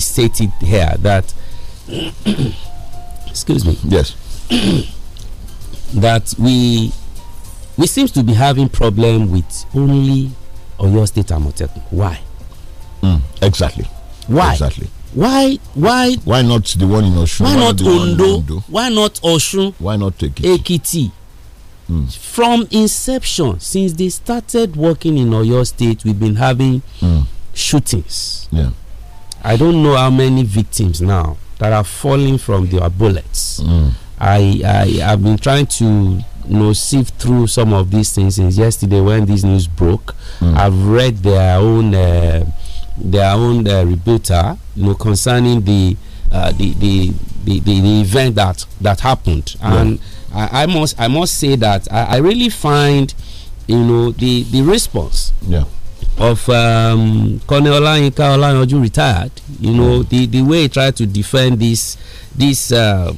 stated here that, excuse me, yes, that we we seems to be having problem with only Oyo State Amotekun. Why? Mm, exactly. Why? Exactly. Why? Why? Why not the one in Oshun? Why, why, not Ondo? Why not Oshun? Why not Ekiti. Mm. From inception, since they started working in Oyo State, we've been having mm. shootings. Yeah. I don't know how many victims now that are falling from their bullets. Mm. I, I I've been trying to you know sift through some of these things since yesterday when this news broke. Mm. I've read their own uh, their own uh, reporter, you know, concerning the, uh, the, the, the the the event that that happened, yeah. and I, I, must I must say that I, I really find you know the the response yeah of um, Colonel Olayinka you retired, you know, mm. the, the way he tried to defend this this uh,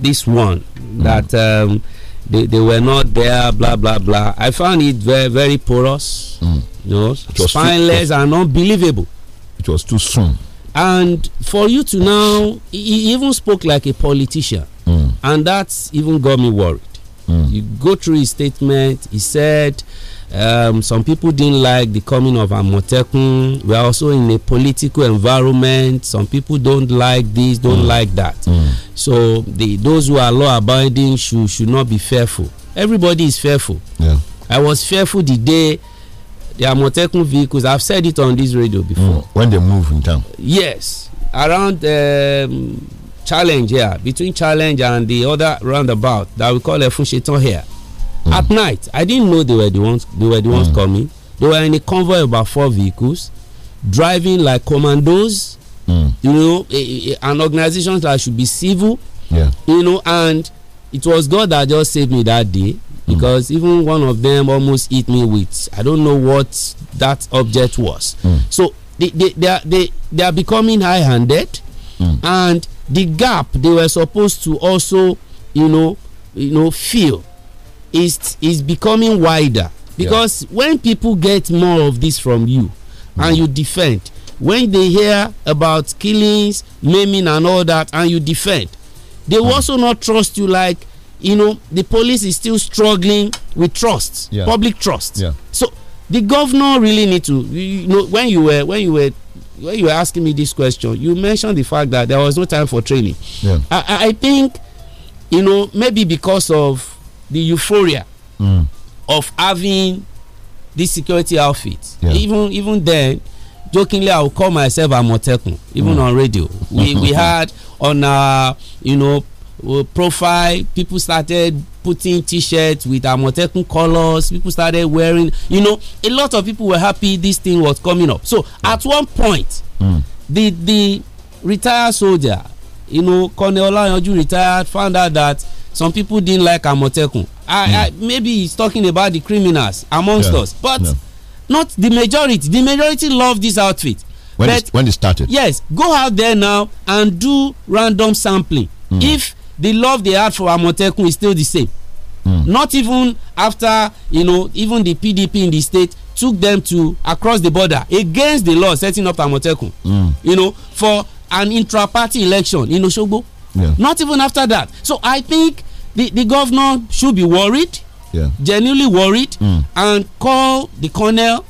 this one mm. that um, they, they were not there, blah blah blah. I found it very very porous, mm. you know, spineless and unbelievable. It was too soon. And for you to now, he even spoke like a politician, mm. and that's even got me worried. You mm. go through his statement. He said um, some people didn't like the coming of Amotekun. We're also in a political environment. Some people don't like this, don't mm. like that. Mm. So the, those who are law abiding should, should not be fearful. Everybody is fearful. Yeah. I was fearful the day the Amotekun vehicles, I've said it on this radio mm. before. Mm. When they move in town? Yes. Around um, Challenge here, yeah, between Challenge and the other roundabout that we call a Shetan here mm. at night i didn't know they were the ones they were the ones mm. coming they were in a convoy of about four vehicles driving like commandos mm. you know an organization that should be civil yeah. you know and it was god that just saved me that day mm. because even one of them almost hit me with i don't know what that object was mm. so they, they, they, are, they, they are becoming high-handed mm. and the gap they were supposed to also you know you know fill is is becoming wider because yeah. when people get more of this from you and mm. you defend when they hear about killings maiming and all that and you defend they will mm. also not trust you like you know the police is still struggling with trust yeah. public trust yeah. so the governor really need to you know when you were when you were when you were asking me this question you mentioned the fact that there was no time for training yeah. I, I think you know maybe because of the euphoria mm. of having this security outfit. Yeah. Even even then, jokingly I would call myself a Motekun, even mm. on radio. We we had on our uh, you know uh, profile, people started putting t-shirts with Amotekun colors, people started wearing, you know, a lot of people were happy this thing was coming up. So yeah. at one point, mm. the the retired soldier, you know, Colonel Olayanju retired, found out that some people didn't like Amotekun. I, mm. I, hmm. maybe he's talking about the criminals amongst yeah. us, but yeah. not the majority. The majority love this outfit. When, but, it, when it started? Yes, go out there now and do random sampling. Mm. If the love they had for Amotekun is still the same, mm. not even after you know even the PDP in the state took them to across the border against the law setting up Amotekun. Hmm. You know for an intra-party election in Oshogbo yeah. Not even after that. So I think the, the governor should be worried, yeah. genuinely worried, mm. and call the colonel,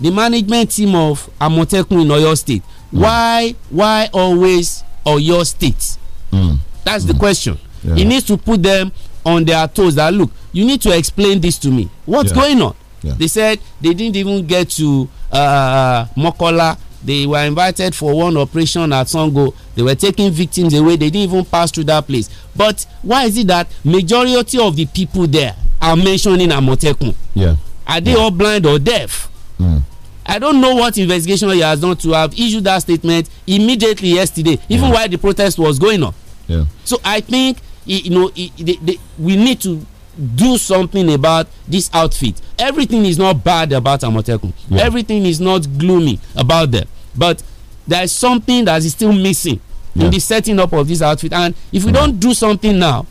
the management team of Amotekun in Oyo State. Mm. Why, why always Oyo State? Mm. That's the mm. question. Yeah. He needs to put them on their toes that look, you need to explain this to me. What's going on? They said they didn't even get to uh, Mokola they were invited for one operation at Sango. They were taking victims away. They didn't even pass through that place. But why is it that majority of the people there are mentioning Amotekun? Yeah. Are they yeah. all blind or deaf? Mm. I don't know what investigation he has done to have issued that statement immediately yesterday, even yeah. while the protest was going on. Yeah. So I think you know they, they, we need to do something about this outfit. Everything is not bad about Amotekun. Yeah. Everything is not gloomy about them. But there is something that is still missing yeah. in the setting up of this outfit. And if we yeah. don't do something now,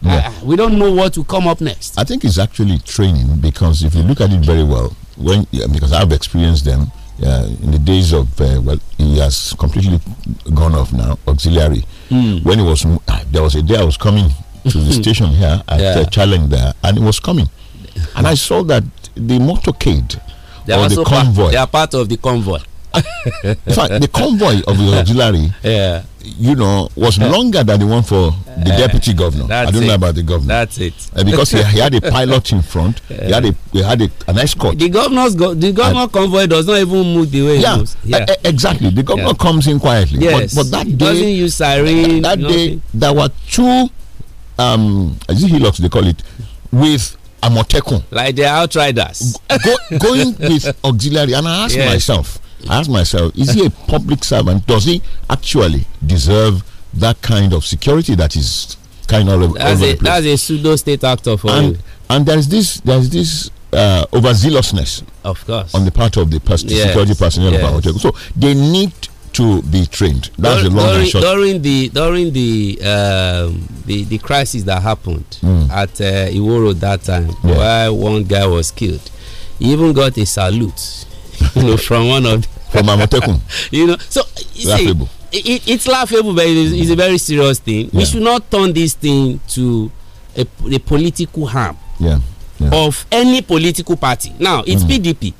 yeah. uh, we don't know what will come up next. I think it's actually training because if you look at it very well, when because I've experienced them uh, in the days of uh, well, he has completely gone off now auxiliary. Mm. When it was, uh, there was a day I was coming to the station here at uh, yeah. Challenger, and it was coming. And I saw that the motorcade they or the convoy. they are part of the convoy. In fact, the convoy of the auxiliary, yeah. you know, was longer than the one for the deputy governor. That's I don't it. know about the governor. That's it. Uh, because he, he, had a pilot in front, he had a, he had a, an escort. The governor's go, the governor and, convoy does not even move the way yeah, moves. Yeah, uh, exactly. The governor yeah. comes in quietly. Yes. But, but that day, doesn't use siren. That nothing. day, there were two um, is it they call it, with Amotekun. Like the outriders. Go, going with auxiliary. And I ask yes. myself, I ask myself, is he a public servant? Does he actually deserve that kind of security that is kind of that's, a, that's a pseudo state actor for and, you. And there's this, there's this uh, overzealousness, of course, on the part of the pers yes. security personnel yes. of Amotekun. So they need to be trained. That's during, the long during, short. During the during the um, the, the crisis that happened mm. at uh, Iworo that time, yeah. where one guy was killed, he even got a salute, you know, from one of the from Amotekun. you know, so laughable. it, it's laughable, but it's, it's, a very serious thing. Yeah. We should not turn this thing to a, a political harm yeah. of any political party. Now it's mm. PDP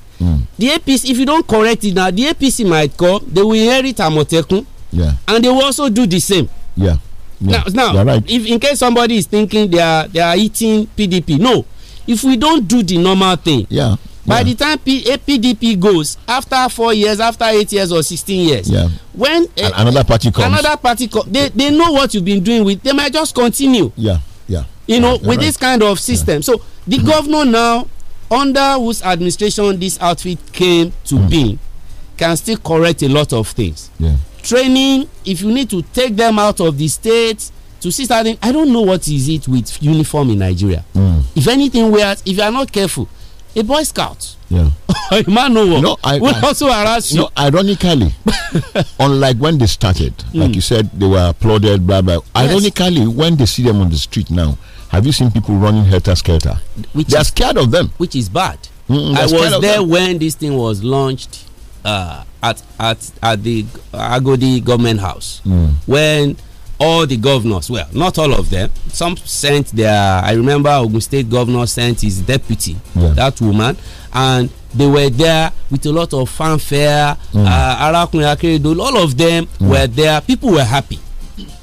the APC, if you don't correct it now, the APC might come. They will inherit Amotekun. Yeah. And they will also do the same. Yeah. yeah. Now, now right. if in case somebody is thinking they are they are eating PDP, no. If we don't do the normal thing, yeah. By yeah. the time P PDP goes, after four years, after eight years or sixteen years, yeah. when uh, another party comes, another party they they know what you've been doing with. They might just continue. Yeah, yeah. You know, with right. this kind of system. So the governor now under whose administration this outfit came to mm. be can still correct a lot of things. Yeah. Training, if you need to take them out of the state to see starting, I don't know what is it with uniform in Nigeria. Mm. If anything, wears, if you are not careful, a boy scout yeah. a man no, no I, will I, also harass you. No, ironically, unlike when they started, mm. like hmm. you said, they were applauded, blah, blah. Yes. Ironically, when they see them on the street now, have you seen people running helter skelter? Which they are scared of them. Which is bad. Mm, I was there them. when this thing was launched uh, at at at the Agodi government house mm. when all the governors well not all of them some sent their I remember Ogun State governor sent his deputy yeah. that woman and they were there with a lot of fanfare mm. uh, all of them mm. were there people were happy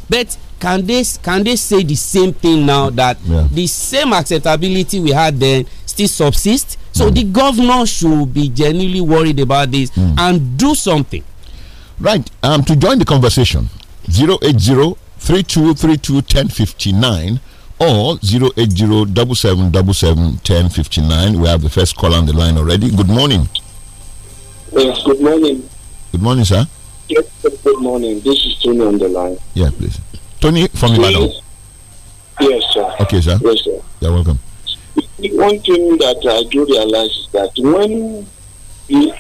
but can they can they say the same thing now that yeah. the same acceptability we had then still subsists so mm. the governor should be genuinely worried about this mm. and do something right um to join the conversation 080 3232 1059 or 080 1059 we have the first call on the line already good morning yes good morning good morning sir yes good morning this is tony on the line yeah please Tony from Ibadan. Yes, sir. Okay, sir. Yes, sir. You're welcome. One thing that I do realize is that when you,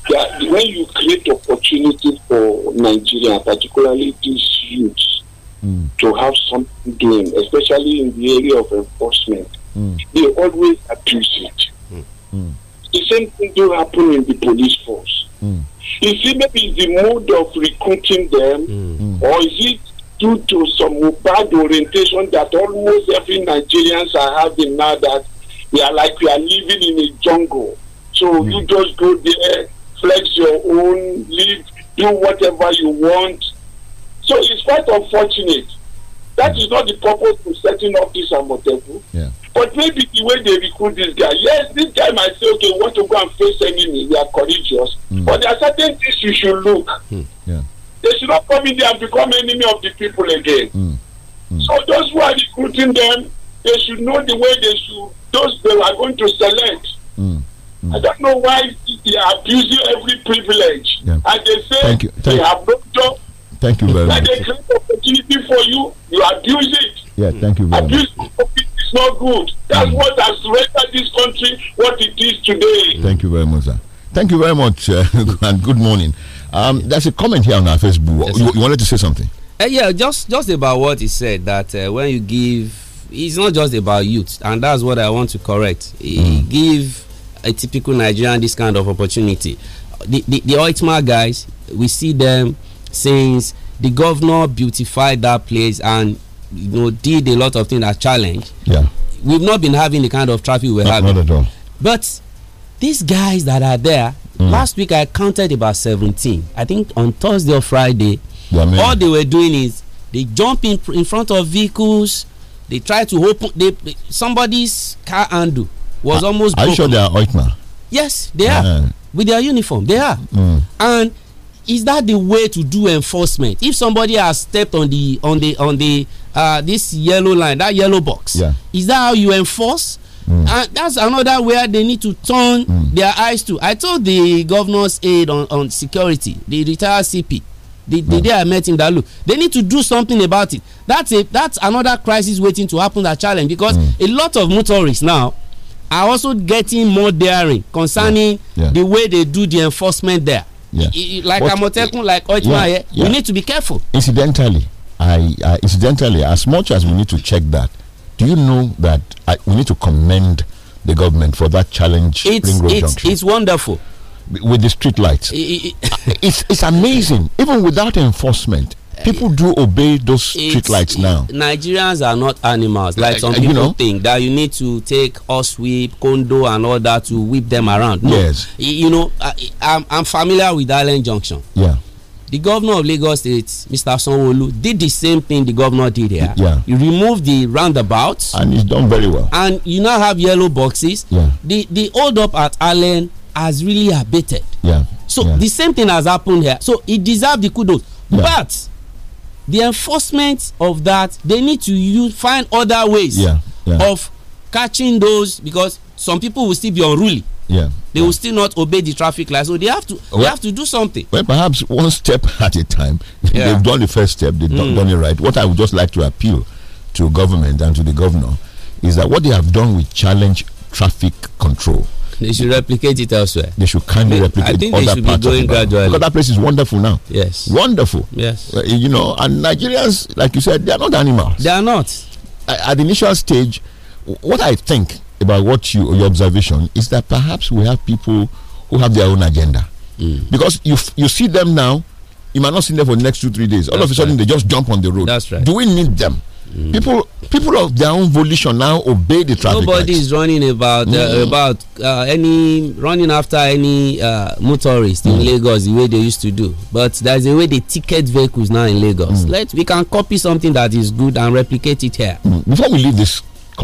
when you create opportunity for Nigeria, particularly these youths, mm. to have something doing, especially in the area of enforcement, mm. they always abuse it. Mm. The same thing do happen in the police force. Hmm. You see, maybe the mode of recruiting them, hmm. or is it due to some bad orientation that almost every Nigerians are having now that we are like we are living in a jungle. So mm. you just go there, flex your own, live, do whatever you want. So it's quite unfortunate. That is not the purpose for setting up this Amotebu. Yeah. But maybe the way they recruit this guy, yes, this guy might say, okay, we want to go and face enemy, we are courageous. Mm. But there are certain things you should look. Mm. Yeah they should not come in there and become enemy of the people again. Mm. Mm. So those who are recruiting them, they should know the way they should, those they are going to select. Mm. mm. I don't know why they are abusing every privilege. Yeah. And they say Thank you. Thank they have no job. Thank you very much. They create opportunity for you, you abuse it. Yeah, thank you very abuse much. Abuse is not good. That's mm. what has rendered this country what it is today. Thank you very much, sir. Thank you very much, uh, and good morning. Um, there's a comment here on our Facebook. Yes, you, you, wanted to say something? Uh, yeah, just just about what he said that uh, when you give, it's not just about youth, and that's what I want to correct. Mm. Give a typical Nigerian this kind of opportunity. The the, the Oitma guys, we see them since the governor beautified that place and you know did a lot of things that challenge. Yeah, we've not been having the kind of traffic we're having. Not at all. But these guys that are there Mm. Last week I counted about 17. I think on Thursday or Friday, yeah, all they were doing is they jump in, in front of vehicles, they try to open they, somebody's car handle was I, ah, almost. Are broken. you sure they are Oitner? Yes, they are. With their uniform, they are. Mm. And is that the way to do enforcement? If somebody has stepped on the on the on the uh, this yellow line, that yellow box, yeah. is that how you enforce? Mm. And uh, that's another where they need to turn mm. their eyes to. I told the governor's aide on, on security, the retired CP, the, the mm. day I met him that look, they need to do something about it. That's a that's another crisis waiting to happen. That challenge because mm. a lot of motorists now are also getting more daring concerning yeah. Yeah. the way they do the enforcement there. Yeah. I, I, like but, like Oitma, we need to be careful. Incidentally, I uh, incidentally, as much as we need to check that do you know that I, we need to commend the government for that challenge? It's, it's, it's, wonderful. With the street lights, it's it's amazing. Even without enforcement, people do obey those street lights now. Nigerians are not animals. Like eh, some eh, people you know, think that you need to take or whip, condo, and all that to whip them around. No. Yes. You know, I, am I'm, I'm familiar with Island Junction. Yeah. The governor of Lagos State, Mr. Sonwolu, did the same thing the governor did here. Yeah. He removed the roundabouts. And it's done very well. And you now have yellow boxes. Yeah. The the hold up at Allen has really abated. Yeah. So yeah. the same thing has happened here. So it deserves the kudos. Yeah. But the enforcement of that, they need to use, find other ways yeah. of catching those because some people will still be unruly. Yeah. They yeah. will still not obey the traffic light. So they have to well, they have to do something. Well, perhaps one step at a time. Yeah. They've done the first step, they've mm. done it right. What I would just like to appeal to government and to the governor is that what they have done with challenge traffic control. They should replicate it elsewhere. They should kindly replicate. I think other they should be going gradually. Because that place is wonderful now. Yes. Wonderful. Yes. Uh, you know, and Nigerians, like you said, they are not animals. They are not. At the initial stage, what I think about what you your observation is that perhaps we have people who have their own agenda mm. because you you see them now you might not see them for the next two three days all that's of a sudden right. they just jump on the road that's right do we need them mm. people people of their own volition now obey the traffic nobody is running about uh, hmm. about uh, any running after any uh, motorist in hmm. lagos the way they used to do but there's a way they ticket vehicles now in lagos hmm. let we can copy something that is good and replicate it here before we leave this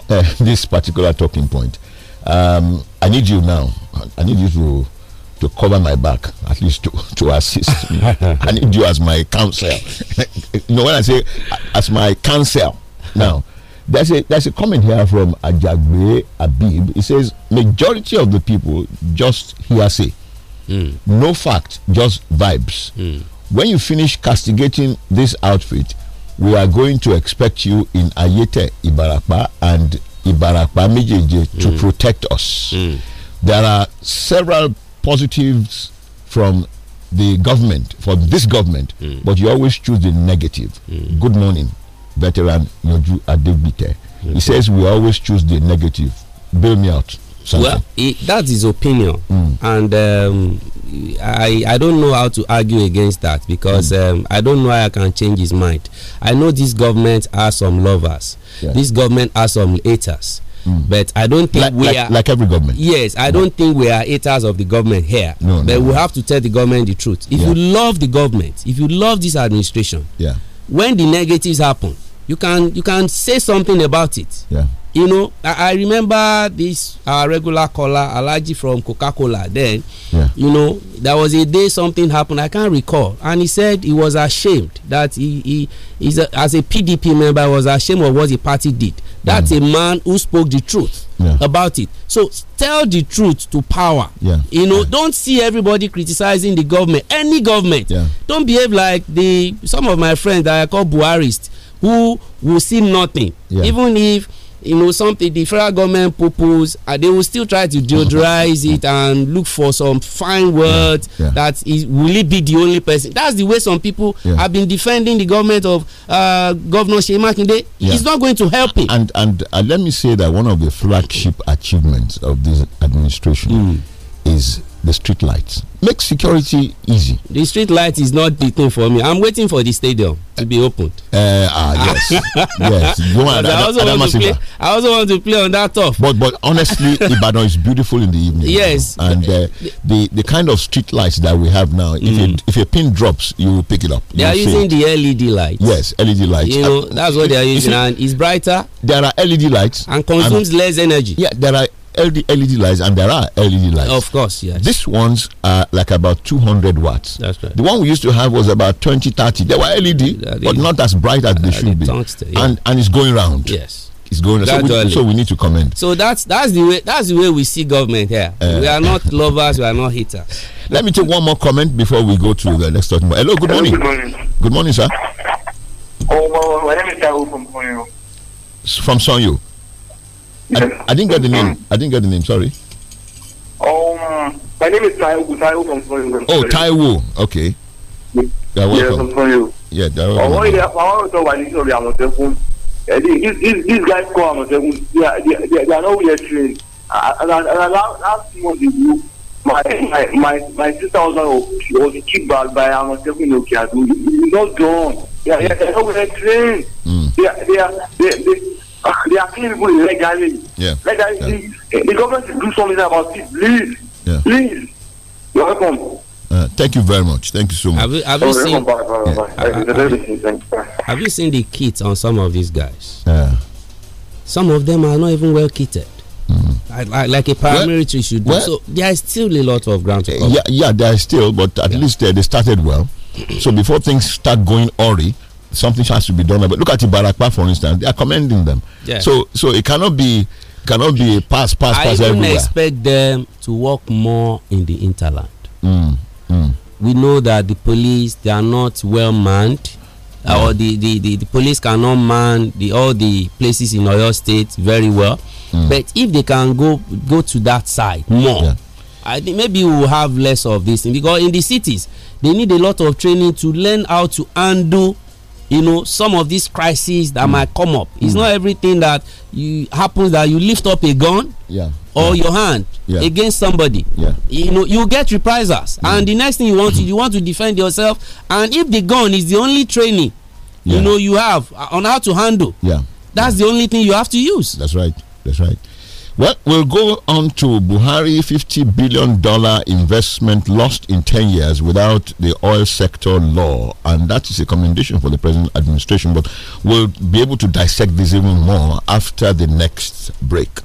uh, this particular talking point. Um, I need you now. I need you to to cover my back, at least to, to assist me. I need you as my counsel. you know, when I say as my counsel, now, there's a, there's a comment here from Ajagbe Abib. He says, majority of the people just hearsay. Mm. No fact, just vibes. Mm. When you finish castigating this outfit, we are going to expect you in Ayete, Ibarapa, and Ibarapa Mijeje mm. to protect us. Mm. There are several positives from the government, from this government, mm. but you always choose the negative. Mm. Good morning, veteran Noju Adebite. He mm. says, We always choose the negative. Bail me out. Something. Well, it, that's his opinion, mm. and um, I I don't know how to argue against that because mm. um, I don't know how I can change his mind. I know this government has some lovers. Yeah. This government has some haters. Mm. But I don't think like, we like, are like every government. Yes, I no. don't think we are haters of the government here. No, but no, we have to tell the government the truth. If yeah. you love the government, if you love this administration, yeah. when the negatives happen, you can you can say something about it. Yeah you know I, I remember this our uh, regular caller Alaji from Coca-Cola then yeah. you know there was a day something happened I can't recall and he said he was ashamed that he he is as a PDP member was ashamed of what the party did that's mm. a man who spoke the truth yeah. about it so tell the truth to power yeah. you know don't see everybody criticizing the government any government don't behave like the some of my friends that I call Buharists who will see nothing even if you know something the federal government propose and they will still try to deodorize it and look for some fine words yeah, yeah. that is, will it be the only person that's the way some people yeah. have been defending the government of uh, governor Shea kinde yeah. it's not going to help it and, and uh, let me say that one of the flagship achievements of this administration mm. is the street lights. Make security easy. The street light is not the thing for me. I'm waiting for the stadium to be opened. Uh, ah, yes. yes. I, also want to play, I also want to play on that top. But but honestly, Ibadan is beautiful in the evening. Yes. Now. And uh, the the kind of street lights that we have now, if, mm. if a pin drops, you will pick it up. They are using the LED lights. Yes, LED lights. You know, that's what they are using. See, and it's brighter. There are LED lights. And consumes and, less energy. Yeah, there are LED, LED lights, and there are LED lights. Of course, yes. These ones are like about 200 watts. That's right. The one we used to have was about 20, 30. They were LED, but not as bright as uh, they should the be. yeah. and, and it's going round. Yes. It's going so we, so we, need to comment. So that's that's the way that's the way we see government here. Uh, we are not lovers, we are not haters. Let me take one more comment before we go to the next talking. Hello, good morning. Hello, good morning. Good morning, sir. Oh, my name is from Sonyo. From Sonyo. I, didn't get the name. I didn't get the name. Sorry. Um, my name is Taiwo. Taiwo from Oh, Taiwo. Okay. Yeah, Yeah, from you. Yeah, that was. yeah. I want to talk about i the phone. These guys call on the phone. They are they are not well trained. And and and last my my my my sister oh, was was kicked back by I'm on Okay, I Not done. Hmm. Yeah, they are not trained. They are they are they they. Ah, they are killing people illegally. Yeah. Legally, yeah. The, eh, the, government should do something about it. Please. Yeah. Please. You're welcome. Uh, thank you very much. Thank you so much. Have you, seen, Have, have you seen the kits on some of these guys? Yeah. Some of them are not even well kitted. Mm. I, I, like a paramilitary well, should do. Well, so there is still a lot of ground to cover. Yeah, yeah there is still, but at yeah. least uh, they started well. So before things start going awry, something has to be done about. Look at Ibarapa, for instance. They are commending them. Yeah. So so it cannot be cannot be a pass pass I pass everywhere. I expect them to work more in the interland. Mm, mm. We know that the police they are not well manned. Yeah. Or the, the, the, the, police cannot man the, all the places in Oyo State very well. Mm. But if they can go go to that side more, yeah. I think maybe we will have less of this thing because in the cities they need a lot of training to learn how to handle you know some of these crises that mm. might come up it's mm. not everything that you happens that you lift up a gun yeah. or yeah. your hand yeah. against somebody you know you get reprisals and the next thing you want to you want to defend yourself and if the gun is the only training you know you have uh, on how to handle yeah that's the only thing you have to use that's right that's right well, we'll go on to Buhari $50 billion investment lost in 10 years without the oil sector law. And that is a commendation for the present administration. But we'll be able to dissect this even more after the next break.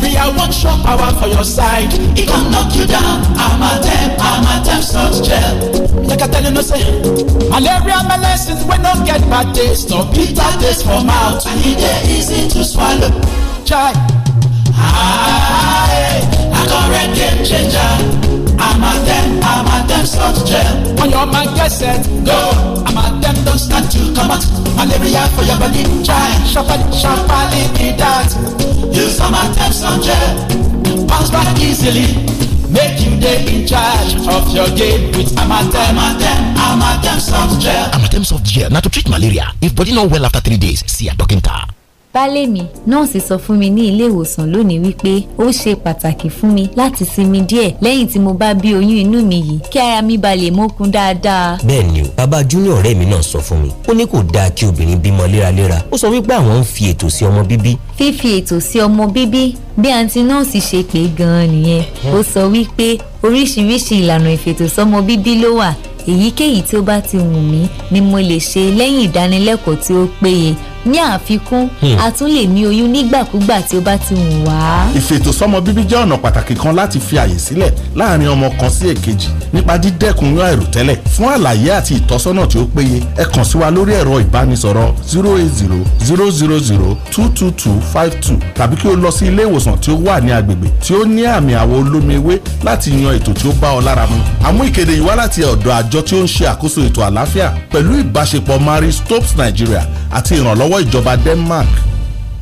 malaria wan show power for your side It can knock you down I'm I'm a dem, a dem such gel like i tell you no say malaria my medicine we no get bad taste no bitter taste for mouth and it dey easy to swallow Try, I, I, I, I, I, I, I, I, I'm I'm a Amatem salt gel. you your my guest, set, go. I'm them, don't stand to come out. Malaria for your body, try. Sharply, sharply be that. Use Amatem salt gel. Bounce back easily. Make you day in charge of your game with Amatem, Amatem, Amatem soft gel. Amatem soft gel. Now to treat malaria. If body not well after three days, see a doctor. baálé mi nọ́ọ̀sì sọ fún mi ní ilé ìwòsàn lónìí wípé ó ṣe pàtàkì fún mi láti sinmi díẹ̀ lẹ́yìn tí mo bá bí oyún inú mi yìí kí ara mi ba lè mókun dáadáa. bẹ́ẹ̀ni o bàbá junior ọ̀rẹ́ mi náà sọ fún mi ó ní kò dáa kí obìnrin bímọ léraléra ó sọ wípé àwọn ń fi ètò sí ọmọ bíbí fífi ètò sí ọmọ bíbí bí àǹtí nọ́ọ̀sì ṣe pé gan-an nìyẹn ó sọ wípé oríṣiríṣi ìlànà ìfètòsọ́mọ bíbí ló wà èyíkéyìí tí ó bá ti wù mí ni mo lè ṣe lẹ́yìn ìdánilẹ́kọ̀ọ́ tí ó péye ní àfikún hmm. a tún lè ní oyún nígbàkúgbà tí ó bá ti wù wá. ìfètòsọ́mọ bíbí jẹ́ ọ̀nà pàtàkì kan láti fi àyè sílẹ̀ láàrin ọmọ kan sí èkejì nípa dídẹ́kun yọ àìròtẹ́lẹ̀ fún àlàyé àti ìtọ́sọ́nà tí ó péye ẹ sí wa lórí ẹ̀rọ ìbánisọ̀rọ̀ zero eight zero zero zero zero two two two five two tàbí kí o lọ sí ilé ìwòsàn tí ó wà ní agbègbè tí ó ní àmì àwọ̀ olómi ewé láti yan ètò tí ó bá ọ lára mu. àmú ìkéde yìí wá láti ọ̀dọ̀ àjọ tí ó ń ṣe àkóso ètò àlàáfíà pẹ̀lú ìbáṣepọ̀ Marie Stopes Nigeria àti ìrànlọ́wọ́ ìjọba Denmark.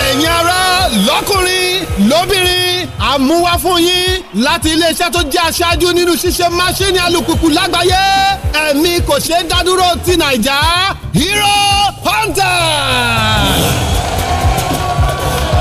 ẹ̀yin ará lọ́kùnrin lóbìnrin àmúwá fún yín láti iléeṣẹ́ tó jẹ́ aṣáájú nínú ṣíṣe máṣíìnì alùpùpù lágbàáyé ẹ̀mí kò ṣeé dádúró ti nàìjà Hero Hunter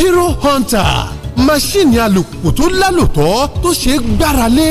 Hero Hunter máṣíìnì alùpùpù tó lálòtọ́ tó ṣeé gbára lé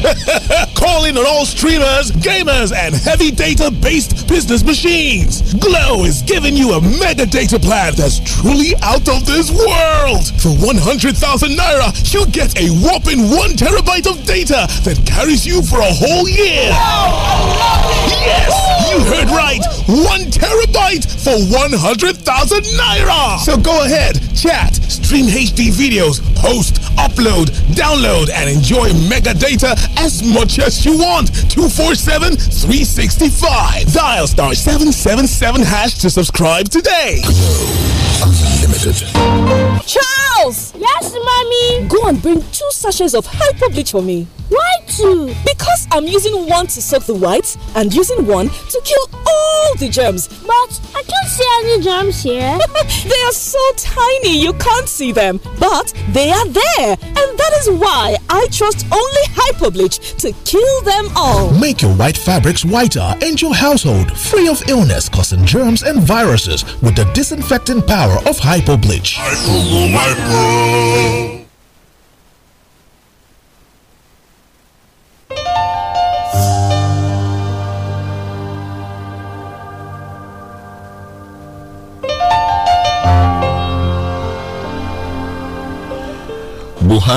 Calling on all streamers, gamers, and heavy data-based business machines. Glow is giving you a mega data plan that's truly out of this world. For 100,000 naira, you get a whopping one terabyte of data that carries you for a whole year. Wow, yes, you heard right. One terabyte for 100,000 naira. So go ahead, chat, stream HD videos, post, upload, download, and enjoy mega data as much as you want. 247 365. Dial star 777 hash to subscribe today. Unlimited. Charles! Yes, mommy? Go and bring two sachets of hyper bleach for me. Why two? Because I'm using one to soak the whites and using one to kill all germs. But I can't see any germs here. they are so tiny you can't see them, but they are there. And that is why I trust only Hypobleach to kill them all. Make your white fabrics whiter and your household free of illness causing germs and viruses with the disinfecting power of Hypobleach. Hypo, hypo.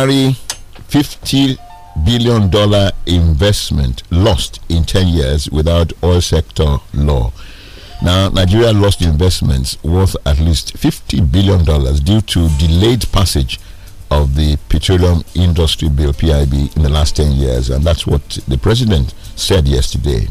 $50 billion investment lost in 10 years without oil sector law. Now, Nigeria lost investments worth at least $50 billion due to delayed passage of the Petroleum Industry Bill, PIB, in the last 10 years. And that's what the president said yesterday.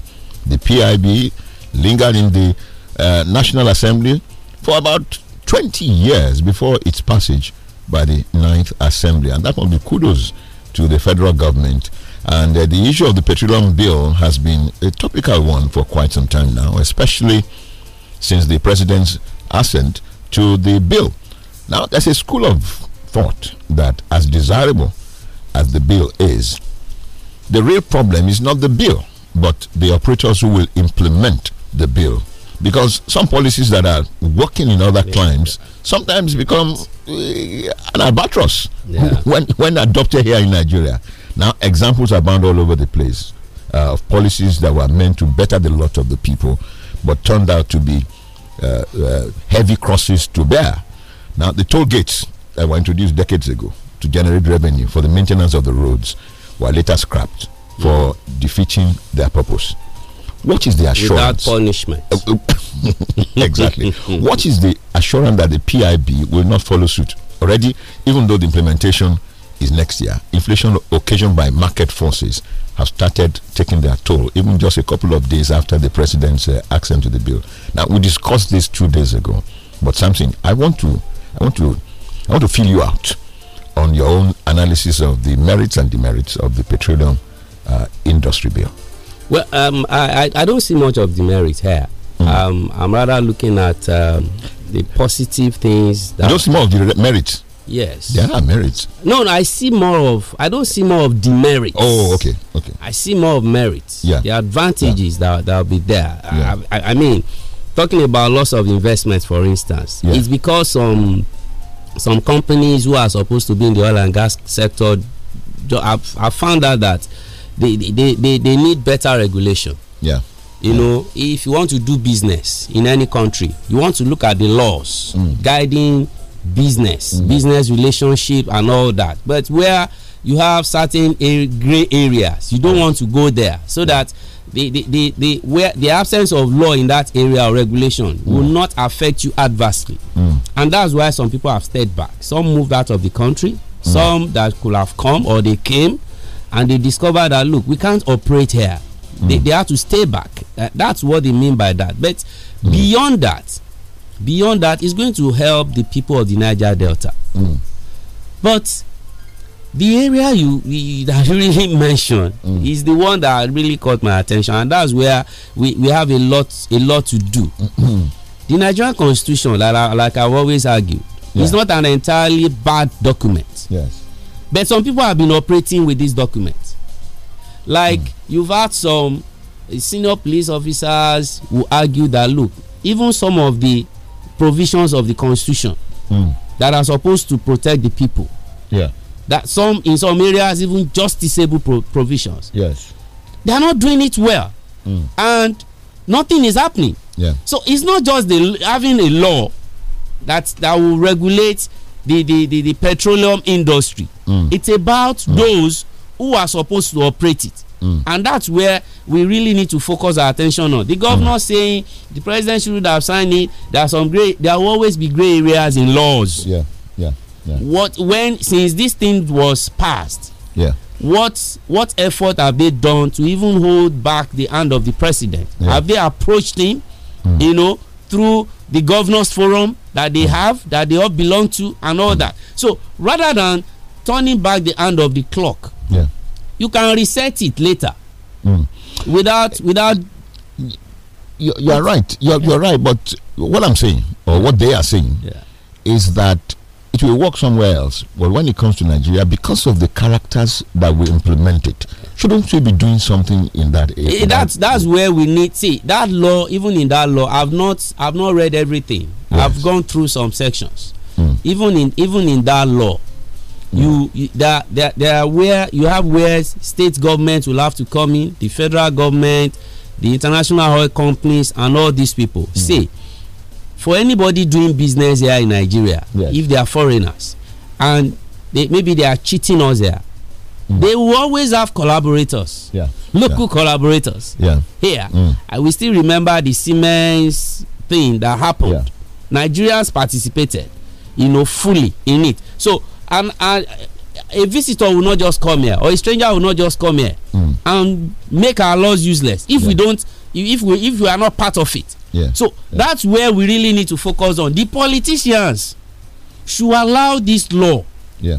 The PIB lingered in the uh, National Assembly for about 20 years before its passage by the Ninth Assembly. And that will be kudos to the federal government. And uh, the issue of the petroleum bill has been a topical one for quite some time now, especially since the president's assent to the bill. Now, there's a school of thought that, as desirable as the bill is, the real problem is not the bill, but the operators who will implement the bill because some policies that are working in other yeah. climes sometimes become uh, an albatross yeah. when when adopted here in Nigeria. Now examples abound all over the place uh, of policies that were meant to better the lot of the people, but turned out to be uh, uh, heavy crosses to bear. Now the toll gates that were introduced decades ago to generate revenue for the maintenance of the roads were later scrapped for defeating their purpose what is the assurance? Without punishment. Uh, uh, exactly. what is the assurance that the PIB will not follow suit? Already, even though the implementation is next year, inflation occasioned by market forces have started taking their toll, even just a couple of days after the president's uh, accent to the bill. Now, we discussed this two days ago, but something I want to, I want to, I want to fill you out on your own analysis of the merits and demerits of the petroleum uh, industry bill. Well, um, I, I, don't see much of the merit here. Mm. Um, I'm rather looking at um, the positive things. That you don't see more of the merit. Yes. There are merits. No, no, I see more of. I don't see more of demerits. Oh, okay, okay. I see more of merits. Yeah. The advantages yeah. that that'll be there. Yeah. I, I, I, mean, talking about loss of investment, for instance, yeah. it's because some some companies who are supposed to be in the oil and gas sector have, have found out that they, they, they, they need better regulation. Yeah. You yeah. know, if you want to do business in any country, you want to look at the laws mm. guiding business, mm. business relationship, and all that. But where you have certain gray areas, you don't mm. want to go there so that the, the, the, the, where the absence of law in that area or regulation mm. will not affect you adversely. Mm. And that's why some people have stayed back. Some moved out of the country, mm. some that could have come or they came, and they discover that look we can't operate here mm. they, hmm. they have to stay back uh, that's what they mean by that but mm. beyond that beyond that is going to help the people of the niger delta mm. but the area you, you that really mentioned hmm. is the one that really caught my attention and that's where we, we have a lot a lot to do hmm. the nigerian constitution like, I, like i've always argued yeah. is not an entirely bad document yes but some people have been operating with this document. Like mm. you've had some senior police officers who argue that look, even some of the provisions of the constitution mm. that are supposed to protect the people. Yeah. That some in some areas even just pro provisions. Yes. They are not doing it well. Mm. And nothing is happening. Yeah. So it's not just the having a law that that will regulate the the the, the petroleum industry. Mm. It's about mm. those who are supposed to operate it. Mm. And that's where we really need to focus our attention on. The governor mm. saying the president should have signed it. There are some gray. There will always be gray areas in laws. Yeah, yeah, yeah. What when since this thing was passed? Yeah what what effort have they done to even hold back the hand of the president yeah. have they approached him mm. you know through the governors forum that they have that they all belong to and all that so rather than turning back the hand of the clock yeah. you can reset it later mm. without without you, you are right you're, you're right but what i'm saying or what they are saying yeah. is that it will work somewhere else. But when it comes to Nigeria, because of the characters that we implement it, shouldn't we be doing something in that area? Eh, that's that's where we need see that law. Even in that law, I've not I've not read everything. Yes. I've gone through some sections. Mm. Even in even in that law, you, hmm. you there, there, there are where you have where state governments will have to come in the federal government the international oil companies and all these people mm. see for anybody doing business here in Nigeria, yes. if they are foreigners and they, maybe they are cheating us there, mm. they will always have collaborators. Yeah. Local yeah. collaborators. Yeah. Here. Mm. I will still remember the Siemens thing that happened. Yeah. Nigerians participated, you know, fully in it. So and, and a visitor will not just come here or a stranger will not just come here mm. and make our laws useless if yeah. we don't if we if we are not part of it yeah. So yeah. that's where we really need to focus on. The politicians should allow this law yeah.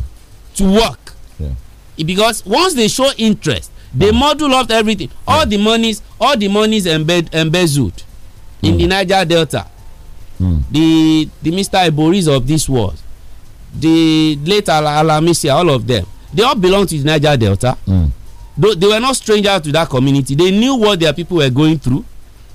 to work. Yeah. Because once they show interest, they mm. muddle up everything. All the monies, all the monies embed, embezzled mm. in the Niger Delta. Mm. The the Mr. Iboris of this world, the late Al Alamisia, all of them, they all belong to the Niger Delta. Mm. they were not strangers to that community. They knew what their people were going through.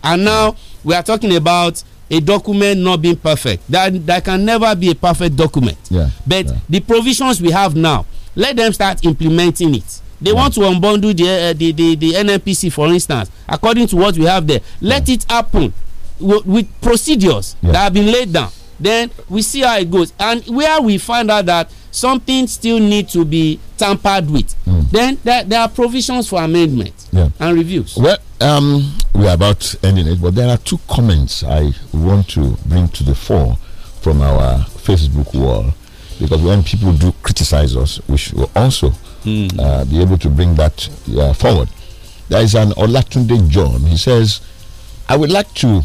And now we are talking about a document not being perfect. That that can never be a perfect document. Yeah, but yeah. the provisions we have now, let them start implementing it. They yeah. want to unbundle the, uh, the, the the NNPC, for instance, according to what we have there. Let it happen with, with procedures that have been laid down. Then we see how it goes, and where we find out that something still need to be tampered with mm. then there, there, are provisions for amendment yeah. and reviews well um, we are about ending it but there are two comments i want to bring to the fore from our facebook wall because when people do criticize us we should also mm. uh, be able to bring that uh, forward there is an olatunde john he says i would like to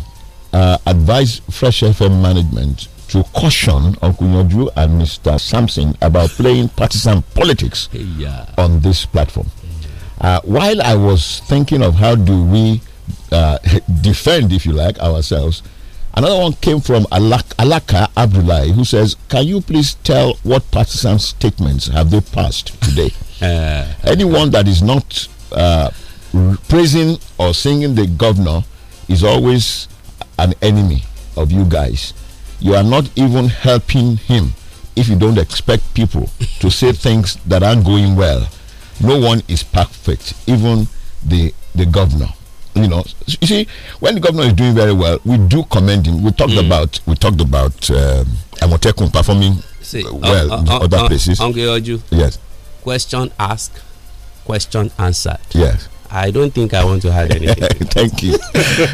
uh, advise fresh fm management to caution Uncle Nyoju and Mr. Sampson about playing partisan politics yeah. on this platform. Uh, while I was thinking of how do we uh, defend, if you like, ourselves, another one came from Alak Alaka Abdullahi, who says, "Can you please tell what partisan statements have they passed today? Uh, uh, Anyone that is not uh, praising or singing the governor is always an enemy of you guys." you are not even helping him if you don't expect people to say things that aren't going well. No one is perfect, even the the governor. You know, you see, when the governor is doing very well, we do commend him. We talked mm. about we talked about um, Amotekun performing see, uh, well uh, uh, uh, other uh, places. Yes. Question asked, question answered. Yes. I don't think I want to add anything. Thank you.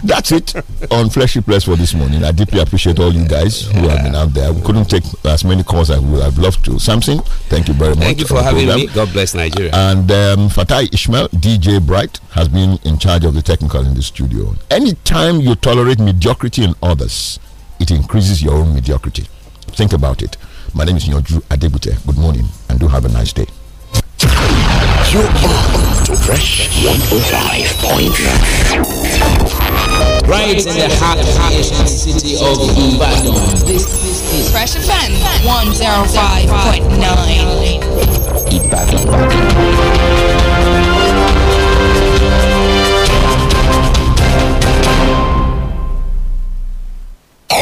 That's it on Fleshy Press for this morning. I deeply appreciate all you guys who have been out there. We couldn't take as many calls as we would have loved to. Samson, thank you very much. Thank you for having program. me. God bless Nigeria. And um, Fatai Ishmael, DJ Bright, has been in charge of the technical in the studio. Anytime you tolerate mediocrity in others, it increases your own mediocrity. Think about it. My name is Nyoju Adebute. Good morning and do have a nice day. You are Fresh 105.9. Right in the heart of city of Ibadan. This is Fresh Offense 105.9. Ibadan.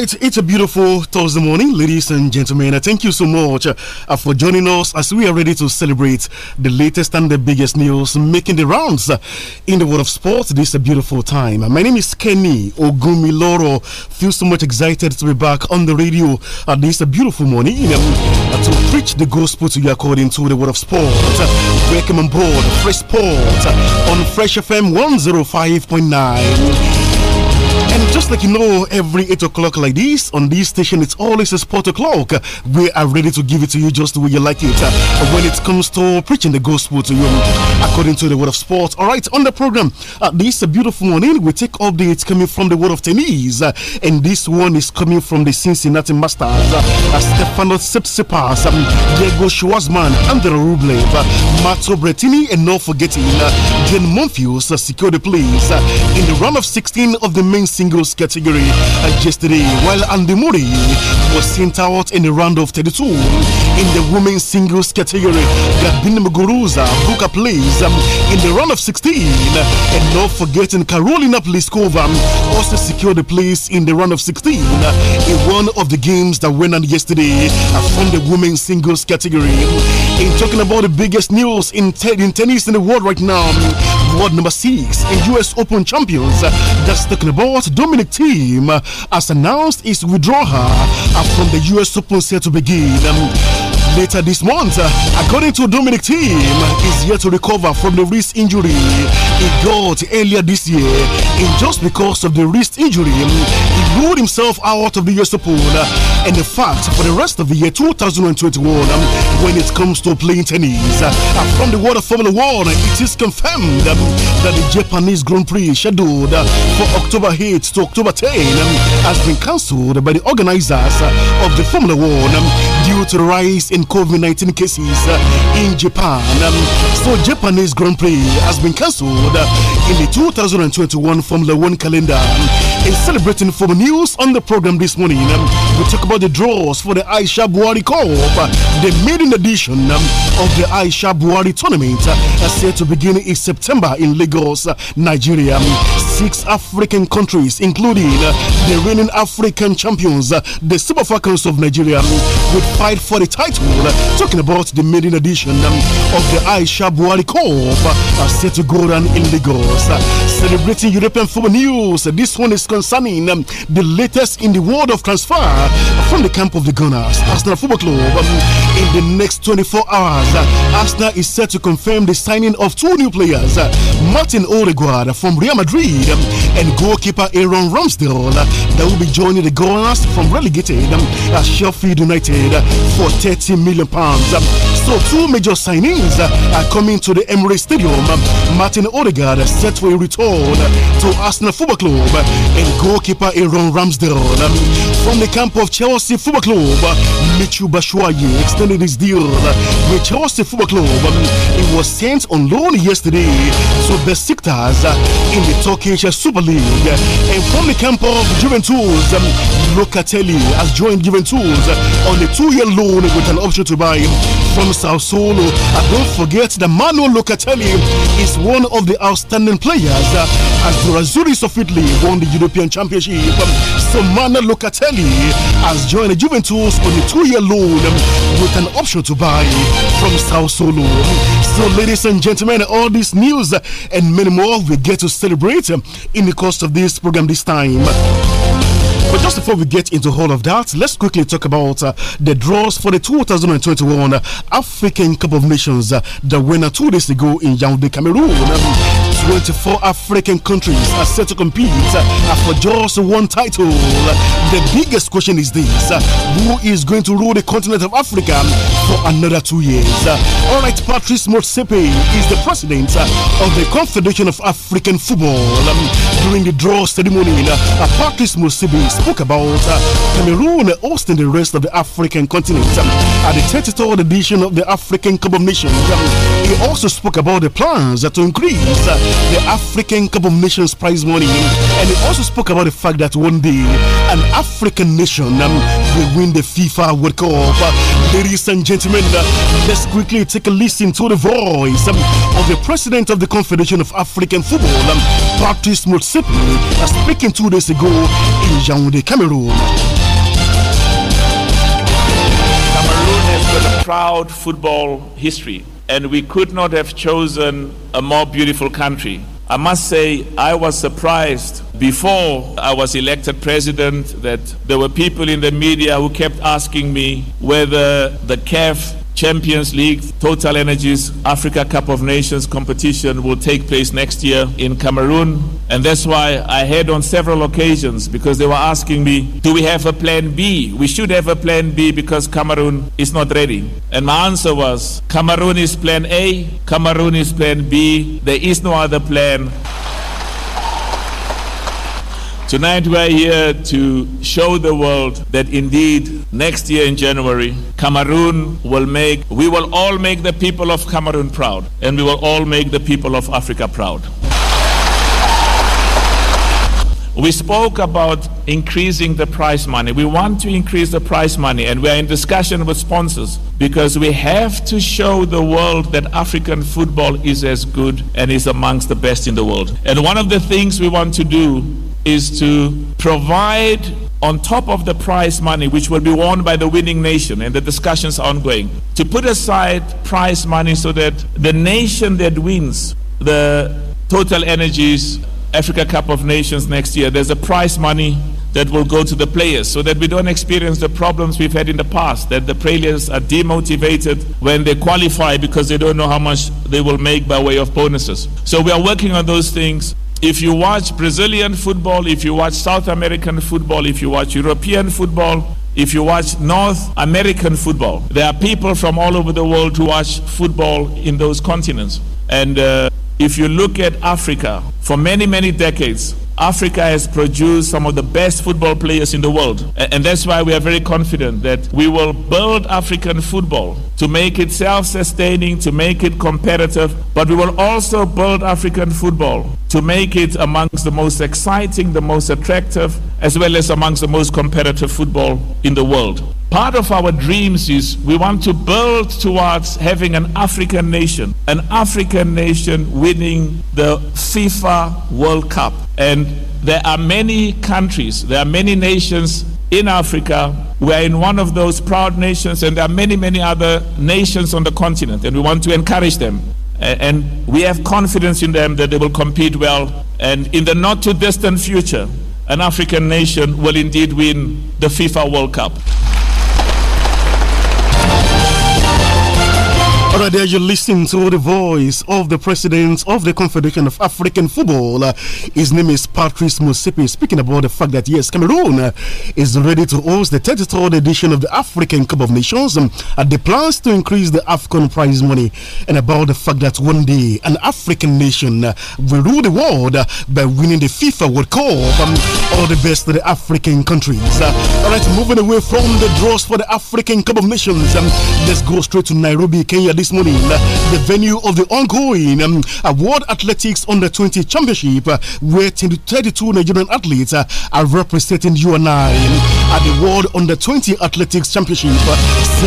right, it's a beautiful Thursday morning, ladies and gentlemen. thank you so much uh, for joining us as we are ready to celebrate the latest and the biggest news making the rounds uh, in the world of sports. This is a beautiful time. My name is Kenny Ogumiloro. Feel so much excited to be back on the radio. Uh, this is uh, a beautiful morning um, to preach the gospel to you according to the world of sport. welcome on board Fresh Sport on Fresh FM 105.9. Just like you know, every 8 o'clock like this, on this station, it's always a sport o'clock. We are ready to give it to you just the way you like it. Uh, when it comes to preaching the gospel to you, according to the word of sport. All right, on the program, uh, this a beautiful morning, we take updates coming from the world of tennis. Uh, and this one is coming from the Cincinnati Masters. Uh, Stefano Sipsipas, um, Diego Schwarzman, Andrew Rublev, uh, Mato and not forgetting, uh, Jen Monfius uh, secured the place uh, in the round of 16 of the main singles rules category uh, yesterday, while Andy Murray was sent out in the round of 32 in the women's singles category. Gabin Muguruza took a place um, in the round of 16, and not forgetting Karolina Pliskova um, also secured a place in the round of 16 in one of the games that went on yesterday uh, from the women's singles category. In talking about the biggest news in, te in tennis in the world right now, world number six in US Open champions. Just talking Dominic team, has announced its withdrawal from the US Open set to begin later this month. According to Dominic Team, is yet to recover from the wrist injury he got earlier this year. And just because of the wrist injury, he ruled himself out of the US Open. And in fact, for the rest of the year 2021, when it comes to playing tennis, uh, from the world of Formula One, it is confirmed that the Japanese Grand Prix scheduled for October 8 to October 10 has been cancelled by the organizers of the Formula One due to the rise in COVID 19 cases uh, in Japan. Um, so, Japanese Grand Prix has been cancelled uh, in the 2021 Formula One calendar. And um, celebrating for news on the program this morning, um, we talk about the draws for the Aisha Buhari Cup, uh, the maiden edition of the Aisha Buhari tournament, uh, set to begin in September in Lagos, Nigeria. Six African countries, including the reigning African champions, the Super Falcons of Nigeria, would fight for the title uh, talking about the maiden edition um, of the Aisha Buhari Cup uh, set to go down in Lagos. Uh, celebrating European football news. this one is concerning um, the latest in the world of transfer from the camp of the Gunners. Arsenal Football Club. Um, in the next 24 hours, uh, Arsenal is set to confirm the signing of two new players. Uh, Martin Odegaard from Real Madrid um, and goalkeeper Aaron Ramsdale uh, that will be joining the Gunners from relegated um, Sheffield United uh, for 30 million pounds. Um, so two major signings uh, are coming to the Emirates Stadium. Martin Odegaard set for a return to Arsenal Football Club and goalkeeper Aaron Ramsdale from the camp of Chelsea Football Club. Michu Bashwaye extended his deal with Chelsea Football Club. He was sent on loan yesterday to Besiktas in the Turkish Super League. And from the camp of Juventus, Locatelli has joined Juventus on a two-year loan with an option to buy from Sassuolo. And don't forget that Manu Locatelli is one of the outstanding players as the Razzuris of Italy won the European Championship. So Manu Locatelli has joined Juventus on a two-year loan with an option to buy from Sassuolo. So ladies and gentlemen, all this news and many more we get to celebrate um, in the course of this program this time. But just before we get into all of that, let's quickly talk about uh, the draws for the 2021 African Cup of Nations. Uh, the winner two days ago in Yaoundé, Cameroon. 24 African countries are set to compete uh, for just one title. The biggest question is this uh, who is going to rule the continent of Africa for another two years? Uh, all right, Patrice Motsepe is the president of the Confederation of African Football. Um, during the draw ceremony, Patrice Motsepe spoke about uh, Cameroon hosting the rest of the African continent um, at the 33rd edition of the African Cup of Nations. Um. He also spoke about the plans to increase uh, the African Cup of Nations prize money, um. and he also spoke about the fact that one day an African nation will win the FIFA World Cup. Uh. Ladies and gentlemen, uh, let's quickly take a listen to the voice um, of the president of the Confederation of African Football, um, Patrice Motsepe, speaking two days ago in Yaoundé, Cameroon. Cameroon has got a proud football history, and we could not have chosen a more beautiful country I must say, I was surprised before I was elected president that there were people in the media who kept asking me whether the CAF Champions League Total Energies Africa Cup of Nations competition will take place next year in Cameroon. And that's why I had on several occasions because they were asking me, Do we have a plan B? We should have a plan B because Cameroon is not ready. And my answer was, Cameroon is plan A, Cameroon is plan B, there is no other plan. Tonight we are here to show the world that indeed next year in January, Cameroon will make, we will all make the people of Cameroon proud and we will all make the people of Africa proud. We spoke about increasing the prize money. We want to increase the prize money and we are in discussion with sponsors because we have to show the world that African football is as good and is amongst the best in the world. And one of the things we want to do is to provide on top of the prize money, which will be won by the winning nation, and the discussions are ongoing, to put aside prize money so that the nation that wins the Total Energies Africa Cup of Nations next year, there's a prize money that will go to the players so that we don't experience the problems we've had in the past that the players are demotivated when they qualify because they don't know how much they will make by way of bonuses. So we are working on those things. If you watch Brazilian football, if you watch South American football, if you watch European football, if you watch North American football, there are people from all over the world who watch football in those continents. And uh, if you look at Africa, for many, many decades, Africa has produced some of the best football players in the world. And that's why we are very confident that we will build African football to make it self sustaining, to make it competitive, but we will also build African football to make it amongst the most exciting, the most attractive, as well as amongst the most competitive football in the world. Part of our dreams is we want to build towards having an African nation, an African nation winning the FIFA World Cup. And there are many countries, there are many nations in Africa. We are in one of those proud nations, and there are many, many other nations on the continent, and we want to encourage them. And we have confidence in them that they will compete well. And in the not too distant future, an African nation will indeed win the FIFA World Cup. right there, you're listening to the voice of the president of the Confederation of African Football. Uh, his name is Patrice Musipi, speaking about the fact that, yes, Cameroon uh, is ready to host the 33rd edition of the African Cup of Nations um, and the plans to increase the African prize money, and about the fact that one day an African nation uh, will rule the world uh, by winning the FIFA World Cup. Um, all the best to the African countries. Uh, all right, moving away from the draws for the African Cup of Nations, um, let's go straight to Nairobi, Kenya this morning, the venue of the ongoing um, World Athletics Under 20 Championship, uh, where 32 Nigerian athletes uh, are representing you and I at the World Under 20 Athletics Championship. Uh,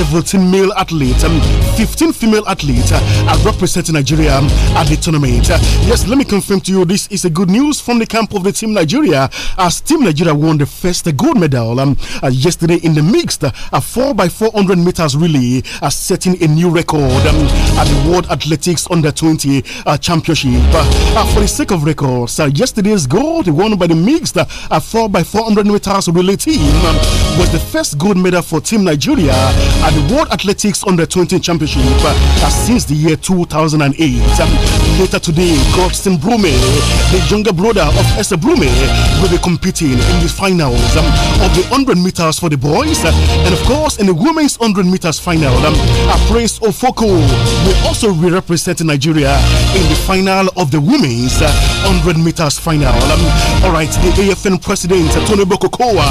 17 male athletes, um, 15 female athletes uh, are representing Nigeria um, at the tournament. Uh, yes, let me confirm to you this is a good news from the camp of the Team Nigeria as Team Nigeria won the first gold medal um, uh, yesterday in the mixed uh, 4 by 400 meters relay, setting a new record um, at the World Athletics Under 20 uh, Championship. Uh, for the sake of records, uh, yesterday's gold won by the mixed uh, 4 by 400 meters relay team um, was the first gold medal for Team Nigeria at the World Athletics Under 20 Championship since the year 2008. Um, Later today, Godson Brume, the younger brother of Esther Brume, will be competing in the finals um, of the 100 meters for the boys uh, and, of course, in the women's 100 meters final. Um, Prince Ofoko will also be representing Nigeria in the final of the women's uh, 100 meters final. Um, all right, the AFN president, Tony Bokokoa,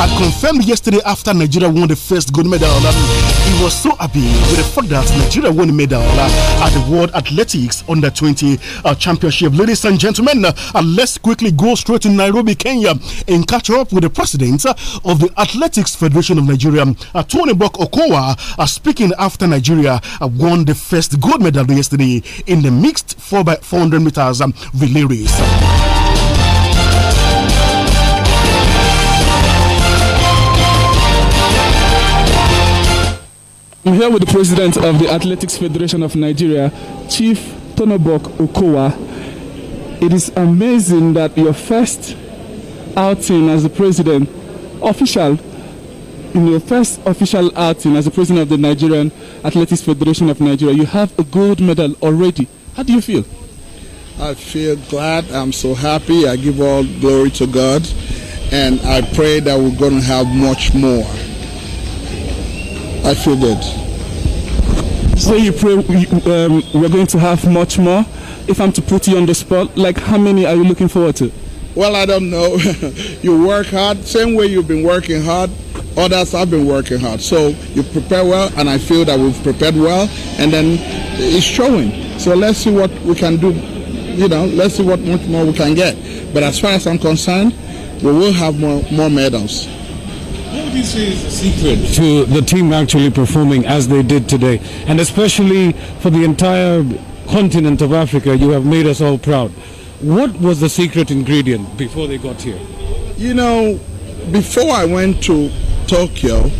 had confirmed yesterday after Nigeria won the first gold medal. Um, he was so happy with the fact that Nigeria won the medal uh, at the World Athletics Under 20 uh, Championship. Ladies and gentlemen, uh, uh, let's quickly go straight to Nairobi, Kenya, and catch up with the president uh, of the Athletics Federation of Nigeria, uh, Tony Bok Okowa, speaking after Nigeria won the first gold medal yesterday in the mixed 4 by 400 meters um, relay race. I'm here with the president of the Athletics Federation of Nigeria, Chief Tonobok Okowa. It is amazing that your first outing as the president, official, in your first official outing as the president of the Nigerian Athletics Federation of Nigeria, you have a gold medal already. How do you feel? I feel glad. I'm so happy. I give all glory to God. And I pray that we're going to have much more. I feel good. So you pray um, we're going to have much more. If I'm to put you on the spot, like how many are you looking forward to? Well, I don't know. you work hard, same way you've been working hard. Others have been working hard. So you prepare well, and I feel that we've prepared well, and then it's showing. So let's see what we can do. You know, let's see what much more we can get. But as far as I'm concerned, we will have more, more medals is his secret to the team actually performing as they did today? And especially for the entire continent of Africa, you have made us all proud. What was the secret ingredient before they got here? You know, before I went to Tokyo,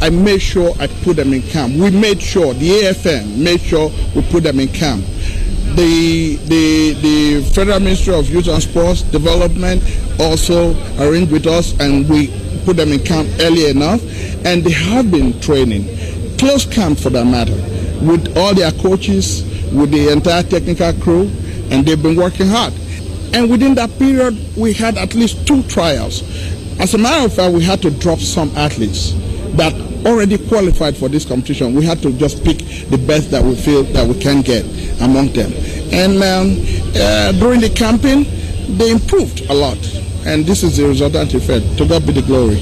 I made sure I put them in camp. We made sure, the AFM made sure we put them in camp. The, the, the Federal Ministry of Youth and Sports Development also arranged with us and we put them in camp early enough, and they have been training, close camp for that matter, with all their coaches, with the entire technical crew, and they've been working hard. And within that period, we had at least two trials. As a matter of fact, we had to drop some athletes that already qualified for this competition. We had to just pick the best that we feel that we can get among them. And um, uh, during the campaign, they improved a lot. And this is the resultant effect. To God be the glory.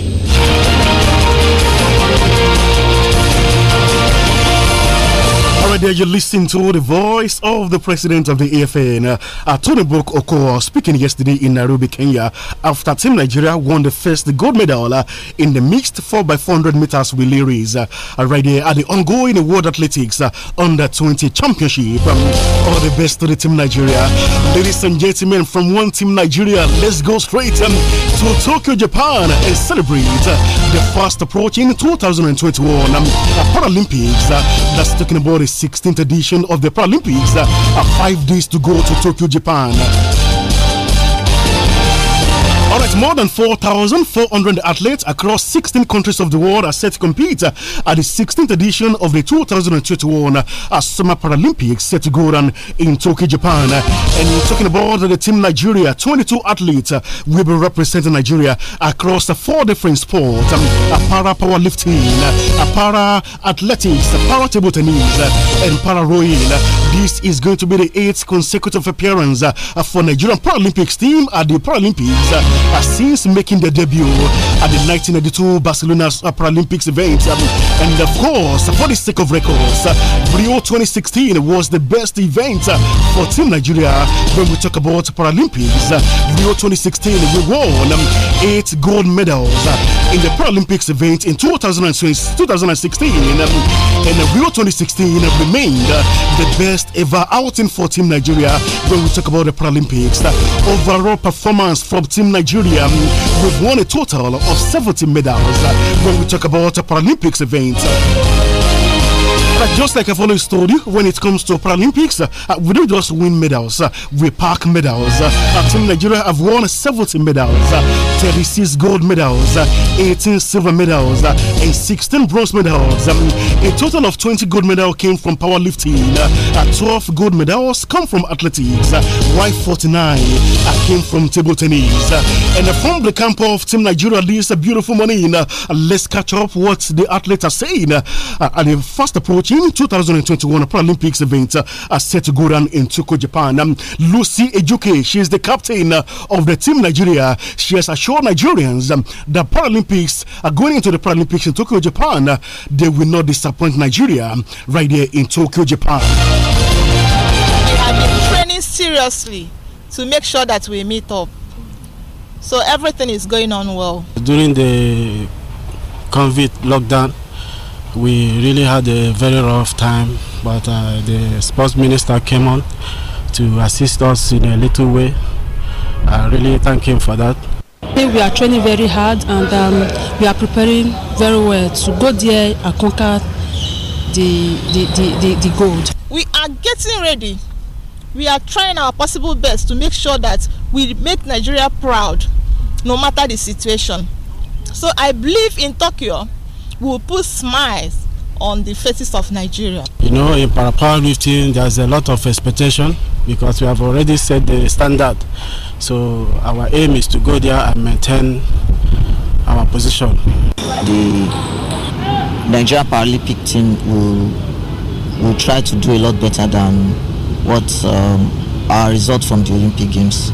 right there, you're listening to the voice of the president of the AFN, uh, Tony Brook Okoa, speaking yesterday in Nairobi, Kenya, after Team Nigeria won the first gold medal uh, in the mixed 4x400 meters relay race. Uh, right there at the ongoing World Athletics uh, Under 20 Championship. Um, all the best to the Team Nigeria. Ladies and gentlemen, from one Team Nigeria, let's go straight um, to Tokyo, Japan and celebrate the fast approaching 2021 Paralympics. That's talking about the 16th edition of the Paralympics. Uh, five days to go to Tokyo, Japan. All right, more than 4,400 athletes across 16 countries of the world are set to compete uh, at the 16th edition of the 2021 uh, Summer Paralympics set to go on in Tokyo, Japan. And talking about the team Nigeria, 22 athletes uh, will be representing Nigeria across four different sports um, para powerlifting, para athletics, para table tennis, and para rowing. This is going to be the eighth consecutive appearance for Nigerian Paralympics team at the Paralympics uh, since making their debut at the 1992 Barcelona Paralympics event. Um, and of course, for the sake of records, uh, Rio 2016 was the best event uh, for Team Nigeria when we talk about Paralympics. Uh, Rio 2016, we won um, eight gold medals in the Paralympics event in 2016. Um, and Rio 2016 remained the best ever outing for Team Nigeria when we talk about the Paralympics. Overall performance from Team Nigeria Nigeria, we've won a total of 70 medals when we talk about Paralympics events. Uh, just like I've always told you, when it comes to Paralympics, uh, we don't just win medals, uh, we pack medals. Uh, Team Nigeria have won 70 medals, uh, 36 gold medals, uh, 18 silver medals, and 16 bronze medals. Um, a total of 20 gold medals came from powerlifting, 12 gold medals come from athletics, while 49 came from table tennis. and from the camp of Team Nigeria this beautiful morning, let's catch up what the athletes are saying And the first approach Cochin 2021 Paralympics event uh, are set to go down in Tokyo, Japan. Um, Lucy Ejuke, she is the captain uh, of the team Nigeria. She has assured Nigerians um, that Paralympics are going into the Paralympics in Tokyo, Japan. Uh, they will not disappoint Nigeria um, right there in Tokyo, Japan. We have been training seriously to make sure that we meet up. So everything is going on well. During the COVID lockdown, we really had a very rough time, but uh, the sports minister came on to assist us in a little way. I really thank him for that. We are training very hard and um, we are preparing very well to go there and conquer the, the, the, the, the gold. We are getting ready. We are trying our possible best to make sure that we make Nigeria proud no matter the situation. So I believe in Tokyo will put smiles on the faces of Nigeria. You know, in para powerlifting, there's a lot of expectation because we have already set the standard. So our aim is to go there and maintain our position. The Nigeria Paralympic team will will try to do a lot better than what um, our result from the Olympic Games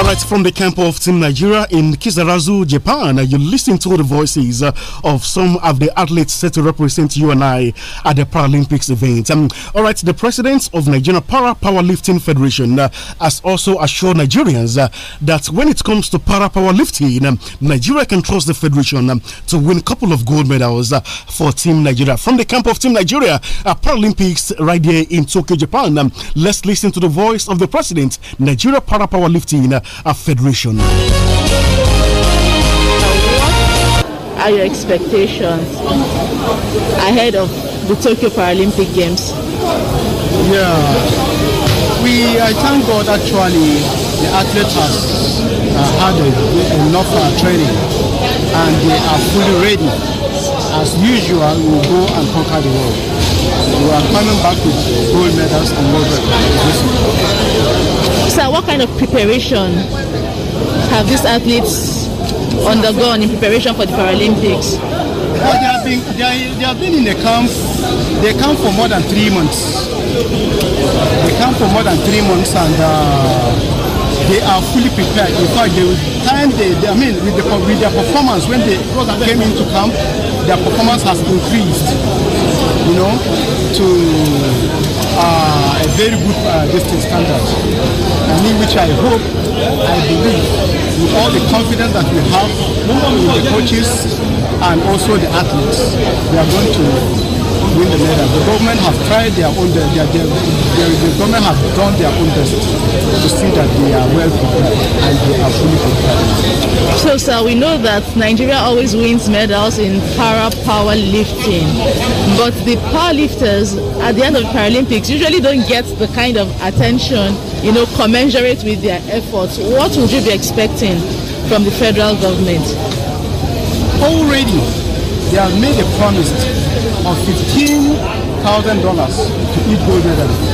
all right, from the camp of Team Nigeria in Kizarazu, Japan, you listen to the voices uh, of some of the athletes set to represent you and I at the Paralympics event. Um, all right, the president of Nigeria Para Powerlifting Federation uh, has also assured Nigerians uh, that when it comes to para powerlifting, um, Nigeria can trust the federation um, to win a couple of gold medals uh, for Team Nigeria. From the camp of Team Nigeria, uh, Paralympics right here in Tokyo, Japan, um, let's listen to the voice of the president, Nigeria Para Powerlifting. Uh, Federation. What are your expectations ahead of the Tokyo Paralympic Games? Yeah we I thank God actually the athletes has uh, had enough uh, training and they are fully ready. As usual, we go and conquer the world. We are coming back with gold medals and gold medals. Sir, what kind of preparation have these athletes undergone in preparation for the Paralympics? Well, they have been they, are, they have been in the camp. They camp for more than three months. They camp for more than three months, and uh, they are fully prepared. In fact, they time they, they I mean with, the, with their performance when they came into camp, their performance has increased. You know, to uh, a very good uh, distance standard. I mean, which I hope, I believe, with all the confidence that we have in the coaches and also the athletes, we are going to win the medal. The government have tried their own, their, their, their, the government have done their own best to see that they are well prepared and they are fully prepared. So, sir, we know that Nigeria always wins medals in para power lifting, but the power lifters at the end of the Paralympics usually don't get the kind of attention, you know, commensurate with their efforts. What would you be expecting from the federal government? Already, they have made a promise of dollars to each gold medalist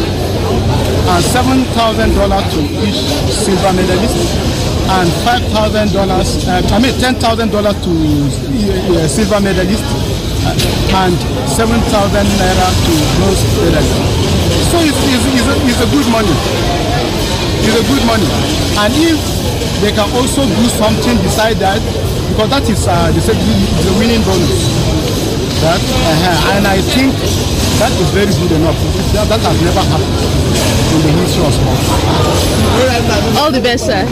and seven thousand dollars to each silver medalist and five $5,000, uh, I mean ten thousand dollars to uh, uh silver medalist uh, and seven thousand naira to bronze medalist. So it's, it's, it's, a, it's a good money. It's a good money. And if they can also do something beside that, because that is uh, the, the winning bonus. That, uh, and I think that is very good enough. That, that has never happened in the history of sports. All the best, sir.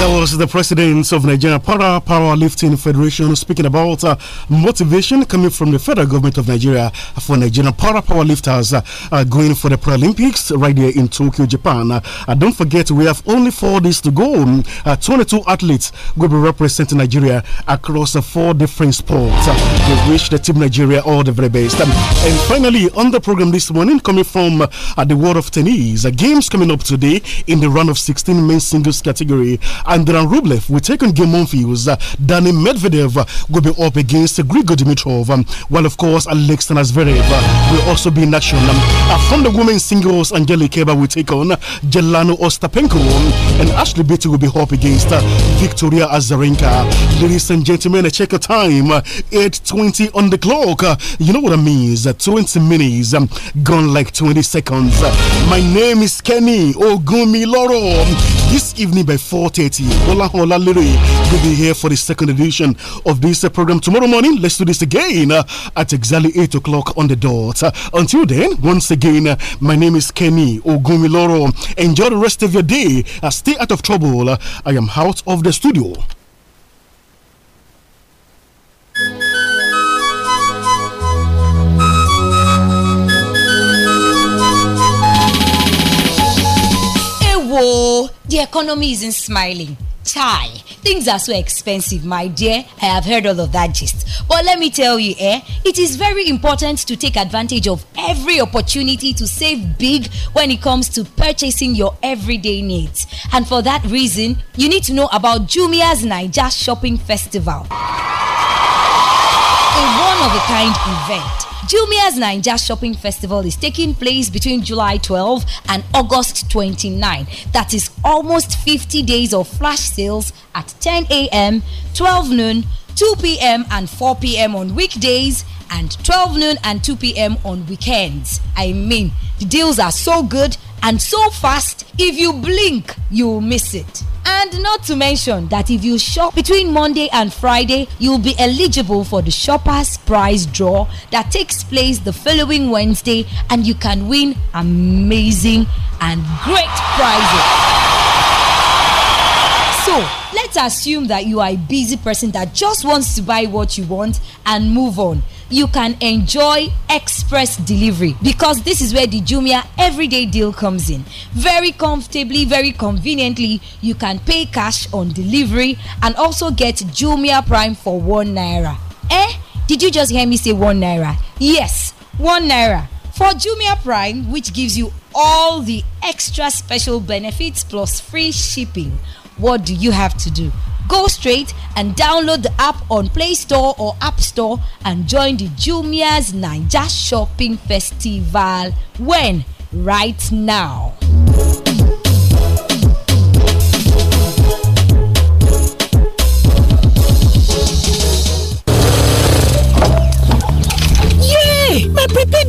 That was the president of Nigeria Para Powerlifting Federation speaking about uh, motivation coming from the federal government of Nigeria for Nigerian para powerlifters uh, uh, going for the Paralympics right here in Tokyo, Japan. Uh, uh don't forget, we have only four days to go. Um, uh, 22 athletes will be representing Nigeria across uh, four different sports. we wish the team Nigeria all the very best. Um, and finally, on the program this morning, coming from the world of tennis, games coming up today in the round of 16 men's singles category. Andran Rublev will take on Gil Dani Uh, Danny Medvedev uh, will be up against Grigor Dimitrov. Um, while, of course, Alexander Zverev uh, will also be in action. Um, uh, from the women's singles, Angelique Kerber will take on Jelano Ostapenko. Um, and Ashley Beatty will be up against Victoria Azarenka. Ladies and gentlemen, check the time. 8.20 on the clock. you know what I mean? 20 minutes um, gone like 20 seconds. my name is Kenny Ogumiloro. This evening by 4.30, Hola hola Olahan we will be here for the second edition of this uh, program. Tomorrow morning, let's do this again uh, at exactly 8 o'clock on the dot. Uh, until then, once again, my name is Kenny Ogumiloro. Enjoy the rest of your day. stay out of trouble. I am out of the studio. The economy isn't smiling. Chai, things are so expensive, my dear. I have heard all of that gist. But let me tell you, eh, it is very important to take advantage of every opportunity to save big when it comes to purchasing your everyday needs. And for that reason, you need to know about Jumia's Niger Shopping Festival. A one of a kind event Jumia's Ninja Shopping Festival is taking place between July 12 and August 29. That is almost 50 days of flash sales at 10 a.m., 12 noon, 2 p.m., and 4 p.m. on weekdays and 12 noon and 2 p.m. on weekends. I mean, the deals are so good and so fast if you blink you'll miss it and not to mention that if you shop between monday and friday you'll be eligible for the shoppers prize draw that takes place the following wednesday and you can win amazing and great prizes so let's assume that you are a busy person that just wants to buy what you want and move on you can enjoy express delivery because this is where the Jumia everyday deal comes in. Very comfortably, very conveniently, you can pay cash on delivery and also get Jumia Prime for 1 naira. Eh? Did you just hear me say 1 naira? Yes, 1 naira. For Jumia Prime, which gives you all the extra special benefits plus free shipping what do you have to do? Go straight and download the app on Play Store or App Store and join the Jumia's Naija Shopping Festival when? Right now.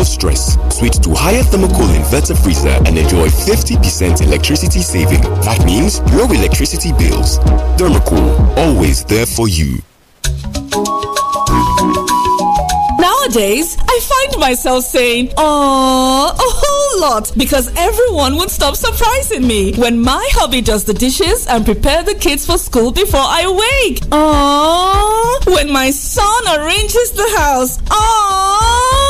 of stress. Switch to higher thermocool inverter freezer and enjoy 50% electricity saving. That means low electricity bills. Thermocool, always there for you. Nowadays, I find myself saying, "Oh, a whole lot," because everyone would stop surprising me when my hubby does the dishes and prepare the kids for school before I wake. Oh, when my son arranges the house. Oh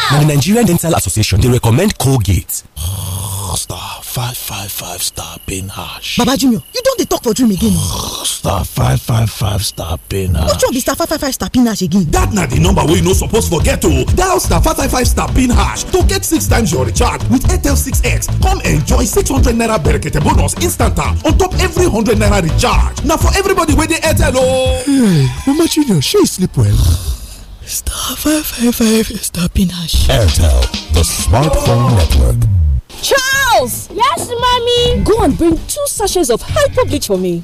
Now, the Nigerian Dental Association, they recommend Colgate. star five five five star pin hash. Baba jr you don dey talk for dream again star five five five star pin hash. Which one be star five five five star pin hash again? That n'ot the number we you no to forget to. Oh. Dial star five five five star pin hash to get six times your recharge with Airtel 6x come enjoy six hundred naira berekete bonus instant ah, on top every hundred naira recharge. Now for everybody wey dey Airtel o. Oh. Hey mama junior shey you sleep well? Star 555 is tapping hash. Airtel, the smartphone network. Charles! Yes, mommy! Go and bring two sachets of hyper bleach for me.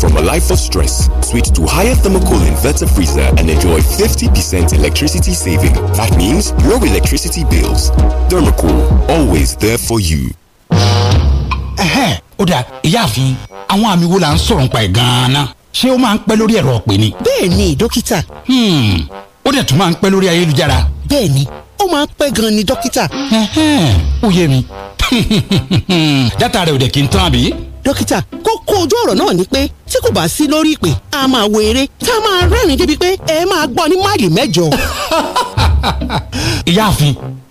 from a life of stress. Switch to higher thermocool inverter freezer and enjoy 50% electricity saving. That means no electricity bills. Thermocool, always there for you. Ẹ̀hẹ́, ó dáa, ìyáàfin, àwọn àmì wo la ń sọ̀rọ̀ nípa ẹ̀ gan-an ná? Ṣé ó máa ń pẹ́ lórí ẹ̀rọ ọ̀pẹ ni? Bẹ́ẹ̀ni, dókítà. Hmm, ó dẹ̀ tún máa ń pẹ́ lórí ayélujára. Bẹ́ẹ̀ni, ó máa ń pẹ́ gan-an ni dókítà. Ẹ̀hẹ́n, ó yé mi dátà rẹ̀ ò dẹ̀ kí n tán àbí. dókítà kókó ojú ọ̀rọ̀ náà ni pé tí kò bá sí lórí ìpè a máa wo eré tá a máa rẹ́rìn-ín débi pé ẹ máa gbọ́ ní máìlì mẹ́jọ. ìyáàfin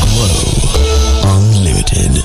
Glow Unlimited.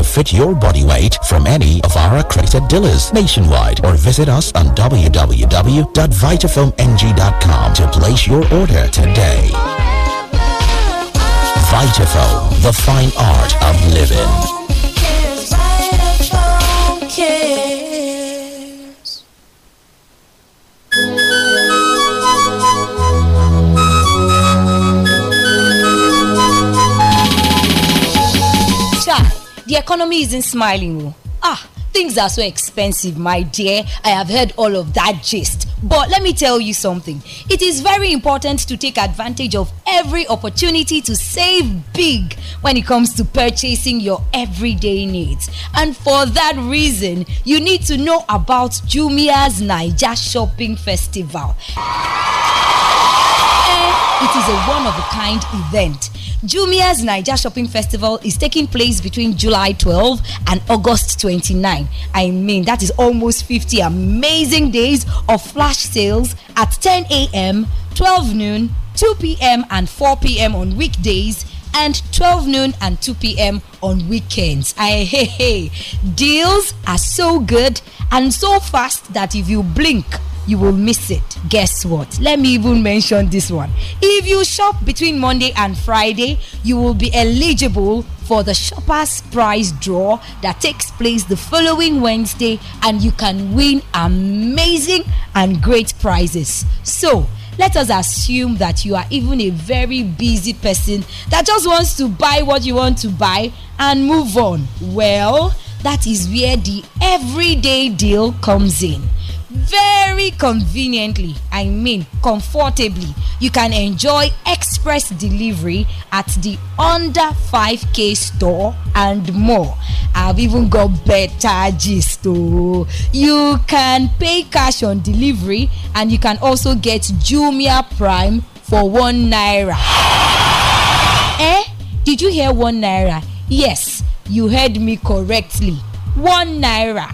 to fit your body weight from any of our accredited dealers nationwide or visit us on www.vitafilmng.com to place your order today. Vitafilm, the fine art of living. The economy isn't smiling. Oh. Ah, things are so expensive, my dear. I have heard all of that gist. But let me tell you something. It is very important to take advantage of every opportunity to save big when it comes to purchasing your everyday needs. And for that reason, you need to know about Jumia's Nigeria Shopping Festival. Eh, it is a one of a kind event Jumia's Nigeria Shopping Festival is taking place between July 12 and August 29. I mean, that is almost 50 amazing days of flash sales at 10 a.m., 12 noon, 2 p.m., and 4 p.m. on weekdays and 12 noon and 2 p.m. on weekends. I, hey, hey, deals are so good and so fast that if you blink, you will miss it. Guess what? Let me even mention this one. If you shop between Monday and Friday, you will be eligible for the shoppers prize draw that takes place the following Wednesday and you can win amazing and great prizes. So, let us assume that you are even a very busy person that just wants to buy what you want to buy and move on. Well, that is where the everyday deal comes in very conveniently, I mean comfortably, you can enjoy express delivery at the under 5k store and more. I've even got better gist. Oh. You can pay cash on delivery and you can also get Jumia Prime for one naira. eh? Did you hear one naira? Yes, you heard me correctly. One naira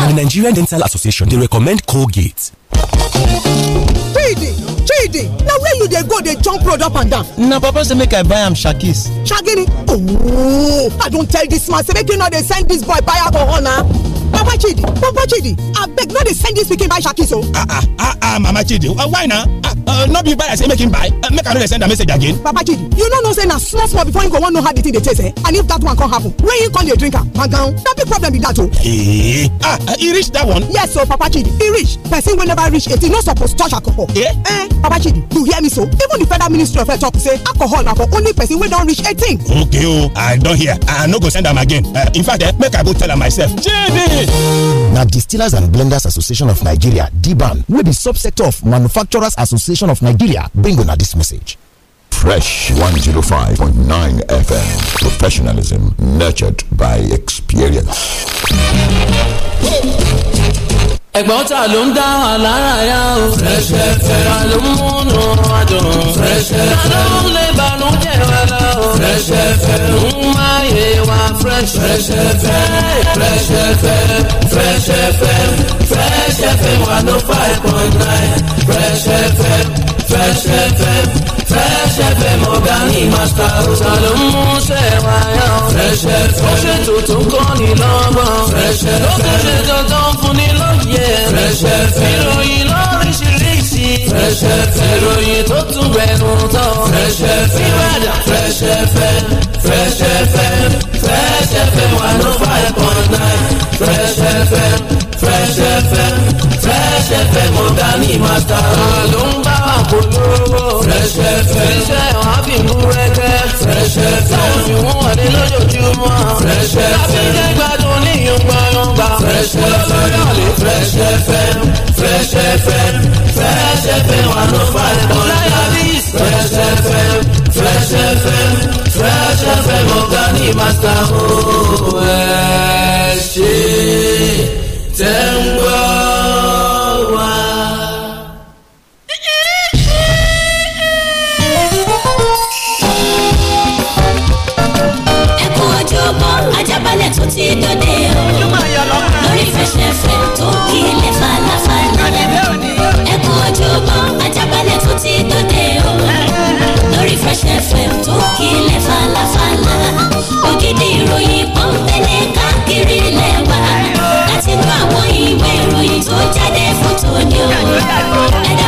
now, the Nigerian Dental Association, they recommend Colgate. Reading. immediately na where you dey go dey jump road up and down na papa say make i buy am shakis shagini Oh, i don tell dis man say make he no dey send dis boy buy alcohol na papa chidi papa chidi abeg no dey send dis pikin buy shakis o oh. ah ah ah ah, mama chidi uh, why na ah, uh, no be buy i say make him buy uh, make i no dey send am message again papa chidi you no know say na small small before you go wan know how the thing dey taste eh and if that one come happen when you come dey drink am gangan na big problem be that o. Oh. ee eh, ah e reach that one. yes o oh, papa chidi e reach person wey never reach eighteen no suppose touch alcohol. eh eh papa you hear me so even the federal ministry of health talk say alcohol na for only person wey don reach eighteen. okay oh, do don hear i no go send am again uh, in fact eh, make i go tell am myself. Now na distillers and blenders association of nigeria dban wey be subsector of manufacturers association of nigeria bring una dis message. Fresh 105.9 FM. Professionalism nurtured by experience. ẹ̀gbọ́n ta ló ń dá wa lára yá o. Fresh FM. ta ló ń múnú wa dùn. Fresh FM. ta ló ń lé balùwẹ̀ wa lọ. Fresh FM. ń máa yé wa Fresh FM. Fresh FM. Fresh FM Fresh FM one oh five point nine Fresh FM Fresh FM Fresh FM ọ̀gá ni màsítà ọ̀sà ló ń mú sẹ́wà yá o. Fresh FM ó ṣe tuntun kọ́ ni lọ́gbọ̀n. Fresh FM ló tún ṣe dandan fún ni lóye. Fresh FM ìròyìn lọ́wọ́. Fresh FM ìròyìn tó tún gbẹnu tán Fresh FM ìbàdàn Fresh FM Fresh FM Fresh FM one oh five point nine Fresh FM Fresh FM Fresh FM ọ̀gá ní màtá. ló ń bá wa polówó. Fresh FM iṣẹ́ wọn á fi mú rẹ́kẹ́. Fresh FM táwọn fi mú wọlé lójoojúmọ́. Fresh FM lábẹ́ jẹ́ gbádùn fresh FM, fresh fm fresh fm fresh fm wà ló fà ẹ̀ mọ́ láyàbí fresh fm fresh fm fresh fm ọ̀gá ni màsà ó ẹ̀ ṣe tẹ́ ń gbọ́ wá. ẹkún ti fẹsẹ̀fẹ̀ tó kílẹ̀ falafala. ẹ kú ojúmọ́ ajábalẹ̀ tó ti dòde o. lórí fẹsẹ̀fẹ̀ tó kílẹ̀ falafala. ògidì ìròyìn pọ́npẹ́lẹ́ káàkiri lẹ́wà. láti inú àwọn ìwé ìròyìn tó jáde fún tòní o. ẹ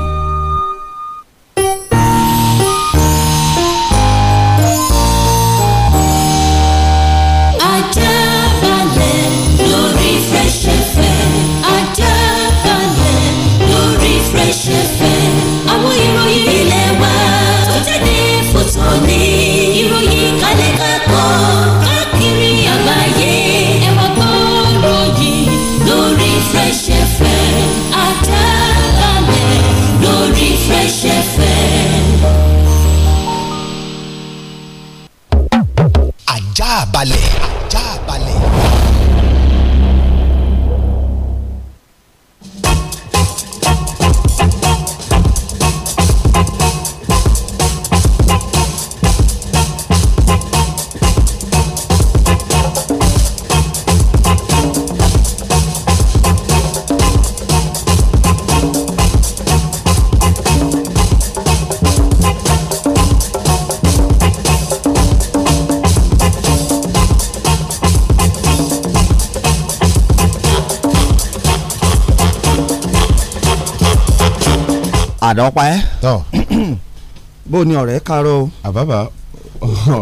àdá ọ̀pá ẹ́. bó o ní ọ̀rẹ́ kárọ̀ o. àbábà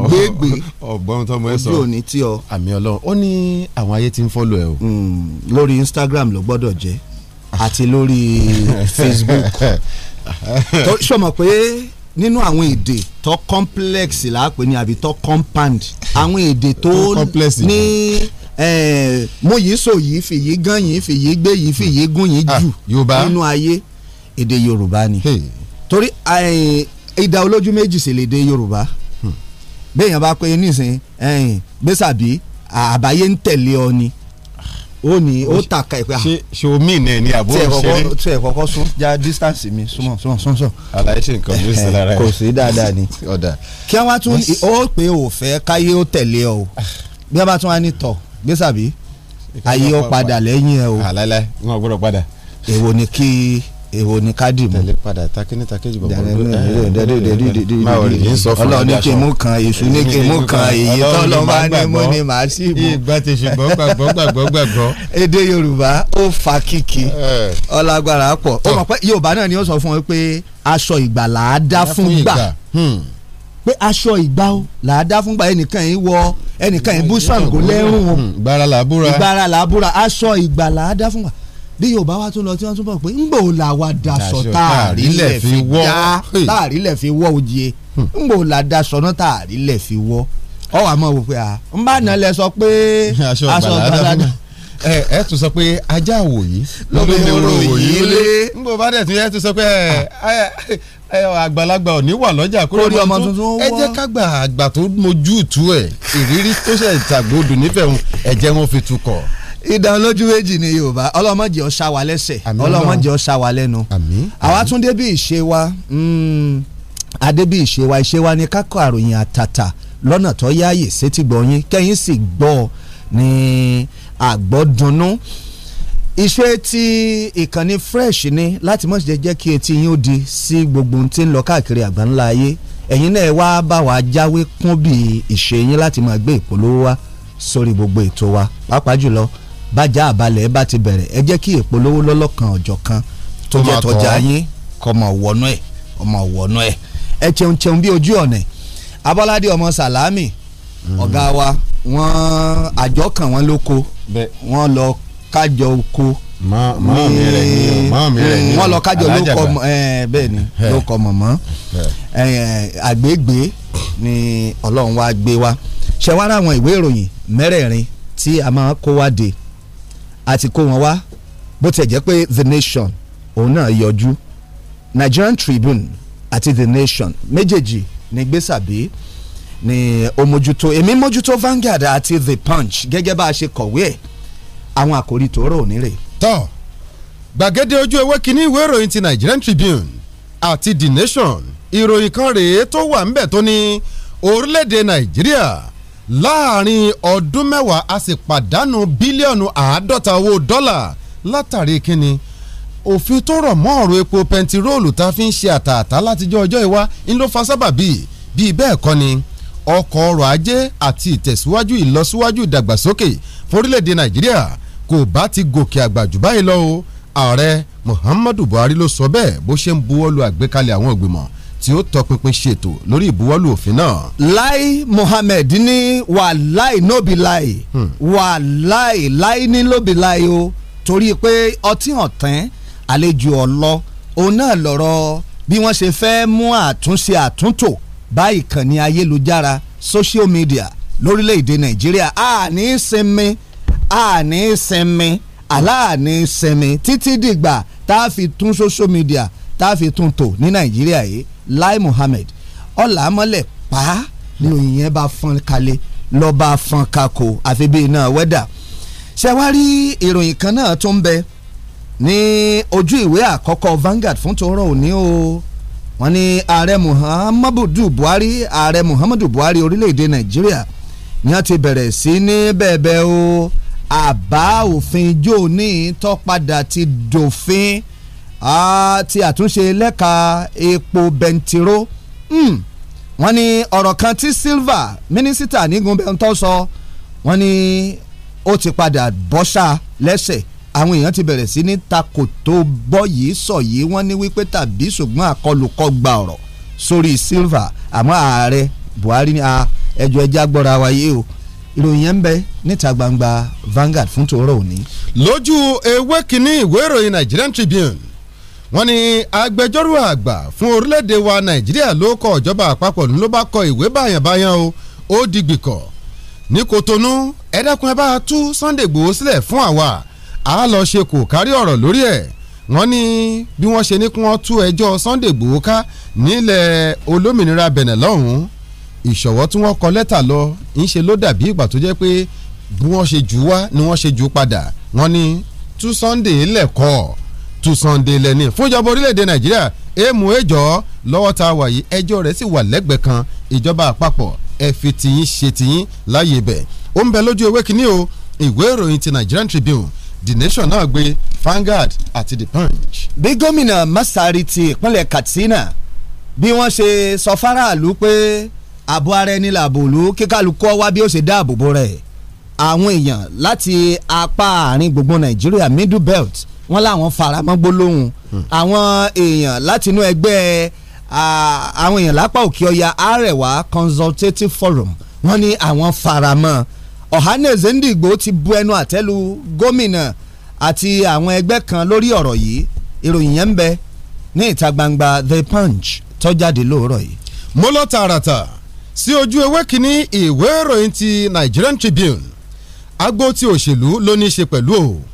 gbégbé ọgbọ́n tọmọ ẹ sọ ojú òní tí ọ. àmì ọlọ́run ó ní àwọn ayé tí ń fọ́lù ẹ o. Mm. lórí Instagram ló gbọ́dọ̀ jẹ́ àti lórí Facebook tó sọmọ pé nínú àwọn èdè tó complex làápè ní àbí tó compound àwọn èdè tó ní mo yìí sọ yìí fìyí gán yìí fìyí gbé yìí fìyí gún yìí ah, jù nínú ayé èdè yorùbá ni hmm. torí eh, ìdá olójú méjì sì lè dé yorùbá hmm. béèyàn bá pé nísìn gbèsàbí àbáyé ń tẹ̀lé ọ ni ó ní ó tàka ìpè à. ṣe omi ìnà ni àbúrò ṣeré. tí ẹ kọ́kọ́ sún já distance mi súnmọ́ súnmọ́ súnmọ́. àlàyé ṣe nǹkan bí sílẹ̀ rẹ̀. kò sí dáadáa ni. kí wọ́n á tún ó pé ò fẹ́ káyé ó tẹ̀lé ọ o bí wọ́n bá tún wá ní tọ̀ gbèsàbí ayé ó padà lẹ́yìn ẹ o. àlàlẹ́ wọn ò gbọ́dọ̀ padà. èwo ni kí. èwo ni ká dì mú. tẹ̀lé padà takíní takéjì bọ̀bọ̀ ló ń bá ọ̀rẹ́ yìí sọ fún mi. ọlọ́ọ̀ni kì í mú kan èṣù ní kì í mú kan èyí tọ́lọ́ máa ní mú ni màá sì mú. ìgbà tí ṣùgbọ́n gbàgbọ́ gbàgbọ́ gbàgbọ́. èdè yorùbá ó fa kìkì ọlágbára pọ̀ ó mọ̀ pé yorùbá náà ni ó sọ fún ọ pé aṣọ ìgbà là á dá fún gbà hmm. pé aṣọ ìgbà ó là fún gbà ẹnìkan yìí wọ ẹnìkan yìí bú hmm. Ṣàngó lẹ́rùn o ìgbàrà làbúra aṣọ ìgbà là fún gbà bí bá wa tún lọ tí wọ́n tún bọ̀ pé ńgbò làwa daṣọ fi wọ́ táàrílẹ̀ fi wọ́ òjìye hmm. ńgbò là daṣọ náà fi wọ́ ọwọ́ wà wò pé bá nà lẹ sọ pé aṣọ gbàdá ẹ ẹ tún sọ pé ajá wòyí ló bẹ lé ńgbò bá dẹ̀ sọ pé ẹ àgbàlagbà ò ní wà lọ́jà ọmọ tuntun ẹ jẹ́ ká àgbà tó mojú ìrírí tó nífẹ̀ẹ́ wọn fi tukọ̀. ìdánilójú méjì ni yorùbá ọlọ́mọdé ọ̀ṣà wa lẹ́sẹ̀ ọlọ́mọdé ọ̀ṣà wa lẹ́nu àwa tún débi ìṣe wa hmm, adébí ìṣe wa ìṣe wa ni kákọ́ àròyìn àtàtà lọ́nà tó yáàyè sétí gbọ̀nyìn kẹ́yìn sì gbọ́ ní àgbọ́dúnú ìṣe ti ìkànnì fresh ni láti mọ̀ ṣe jẹ́ kí etí yín ó di sí gbogbo ohun tí ń lọ káàkiri àgbáńlá ayé ẹ̀yin náà wá bá wa jáwé kún bí ìṣe yín láti máa gbé ìpolówó wá sórí gbogbo ètò wa pàápàá jùlọ bájà àbálẹ̀ ẹ bá ti bẹ̀rẹ̀ ẹ jẹ́ kí ìpolówó lọ́lọ́kan ọjọ́ kan tó jẹ́ tọjà yín kọmọ wọnú ẹ̀ ọmọ wọnú ẹ̀ ẹ cheun cheun bí ojú ọ̀nà abọ́ládé ọmọ sàlámì mm-hmm. ọ̀gá wa wọ́n àjọ kan wọ́n ló ko wọ́n lọ kájọ ko mọ́ọ̀mí ni mọ́ọ̀mí ni wọ́n lọ kájọ ló kọ bẹ́ẹ̀ ni ló kọ mọ̀mọ́ àgbègbè ni ọlọ́run wa gbé wa ṣẹ̀wárà àwọn ìwé ìròyìn mẹ́rẹ̀ẹ̀rin tí a máa kó wá de àti kó wọn wá bó tiẹ̀ jẹ́ pé the nation òun náà yọjú Nigerian Tribune àti the nation méjèèjì ní gbèsàbí ni ó mójútó èmi mójútó Vanguard àti the punch gẹ́gẹ́ bá a ṣe kọ̀wé ẹ̀ àwọn àkòrí tòórọ́ òní rè. tọ́ gbàgede ojú ewé kínní ìwé ìròyìn ti Nigerian Tribune àti the nation ìròyìn kan rèé tó wà ńbẹ̀ tó ní orílẹ̀-èdè Nàìjíríà láàrin ọdún mẹ́wàá a sì pàdánù bílíọ̀nù àádọ́ta owó dọ́là látàrí kínni òfin tó rọ̀ mọ́ ọ̀rọ̀ epo pẹntiróòlù tá a fi ń ṣe àtàtà látijọ́ ọjọ́ ìwá ń ló fa sábàbí bíi bẹ́ẹ̀ kọ́ ni ọkọ̀ ọrọ̀ ajé àti ìtẹ̀síwájú ìlọsíwájú ìdàgbàsókè fórílẹ̀-èdè nàìjíríà kò bá ti gòkè àgbà jù báyìí lọ ààrẹ muhammadu buhari ló sọ bẹ́ẹ̀ bó ṣe ń buwọ́lu àgbékalẹ̀ àwọn ìgbìmọ̀ tí ó tọpinpin ṣètò lórí ìbuwọ́lù òfin náà. Lai Mohammed ní wàláì nóbi láì hmm. wàláì láì ní lóbi láì o torí pé ọtí ọ̀tẹ́n àlejò ọ̀lọ́ òun náà lọ̀rọ̀ bí wọ́n ṣe fẹ́ mú àtúnṣe àtúntò bá ìkànnì ayélujára social media lórílẹ̀‐èdè Nàìjíríà àní sinmi àní sinmi aláàní sinmi títí dìgbà tá a fi tún social media tá a fi tún tò ní Nàìjíríà yìí Lai Muhammed ọ̀làmọ́lẹ̀ pa ni òyìn yẹn bá fọn kalẹ̀ lọ́ọ́ bá fọn kako àfi bíi náà wẹ́dà ṣẹ̀wárí ìròyìn kan náà tó ń bẹ ní ojú ìwé àkọ́kọ́ Vanguard fún tòórọ́ òní o wọ́n ní ààrẹ Muhammadu Buhari ààrẹ Muhammadu Buhari orílẹ̀‐èdè Nàìjíríà ni wọ́n ti bẹ̀rẹ̀ sí ní bẹ̀bẹ̀ o àbá òfin jóòní tó padà ti dòfin ti àtúnṣe lẹ́ka epo bẹntiró hmm. wọ́n ní ọ̀rọ̀ kan tí Silva mínísítà nígun bẹ́ńtọ́ sọ wọ́n ní ó ti padà bọ́ṣà lẹ́sẹ̀ àwọn èèyàn ti bẹ̀rẹ̀ sí ní takò tó bọ́ yìí sọ yìí wọ́n ní wípé tàbí ṣùgbọ́n àkọlùkọ gba ọ̀rọ̀ sórí Silva àmọ́ ààrẹ Buhari ní ẹjọ́ ẹja gbọ́ra wáyé o ìròyìn yẹn ń bẹ níta gbangba Vanguard fún tòórọ́ òní. lójú ewé kínní ìwé ìròyìn Nigerian Tribune wọ́n ní agbẹjọ́rò àgbà fún orílẹ̀-èdè wa nàìjíríà ló kọ ìjọba àpapọ̀ ló bá kọ ìwé báyànbáyàn o ó di gbìkọ̀ ní kòtónú ẹ dákun ẹ bá tú Sunday Igboho sílẹ̀ fún àwa a lọ ṣe kò kárí ọ̀rọ̀ lórí ẹ̀ wọ́n ní bí wọ́n ṣe ní kí wọ́n tú ẹjọ́ Sunday Igboho ká nílẹ̀ olómìnira Benin lọ́hùn-ún ìṣọ̀wọ́ tí wọ́n kọ lẹ́tà lọ ń ṣe ló dàbí ìgbà tó jẹ́ pé bí wọ́n ṣe jù wá ni wọ́n ṣe jù padà wọ́n ní tú Sunday lẹ̀kọ́ọ̀ tu Sunday lẹ́ni fúnjọba orílẹ̀-èdè Nàìjíríà èèmù ẹjọ́ lọ́wọ́ tá a wà yìí ẹjọ́ rẹ̀ sì wà lẹ́gbẹ̀ẹ́ kan ìjọba àpapọ̀ ẹ fi tìyín ṣe tìyín láàyè bẹ̀ ó ń bẹ lójú ewé kínní o ìwé ìròyìn ti Nigerian Tribune The Nation náà gbé Vanguard àti The Punch. bí gómìnà Masari ti ìpínlẹ̀ Katsina bí wọ́n ṣe sọ fáráàlú pé ààbò ara ẹni làbò lù kíkálukú wá bí ó ṣe dáàbò bo rẹ̀ àwọn èèyàn láti apá àárín gbùngbùn Nàìjíríà Middle Belt wọ́n láwọn faramọ́ gbólóhùn hmm. àwọn èèyàn látinú ẹgbẹ́ àwọn èèyàn lápá òkè ọya Arewa Consultative Forum wọ́n ní àwọn faramọ́ Ọ̀hánẹ̀zẹ̀ Ndigbo ti bu ẹnu àtẹ́lu gómìnà àti àwọn ẹgbẹ́ kan lórí ọ̀rọ̀ yìí ìròyìn yẹn ń bẹ ní ìta gbangba The Punch tó jáde lóòrọ̀ yìí. mo lọ tààràtà sí ojú ewé kínní ìwé ìròyìn ti Nigerian Tribune agbo ti òṣèlú ló ní í ṣe pẹ̀lú o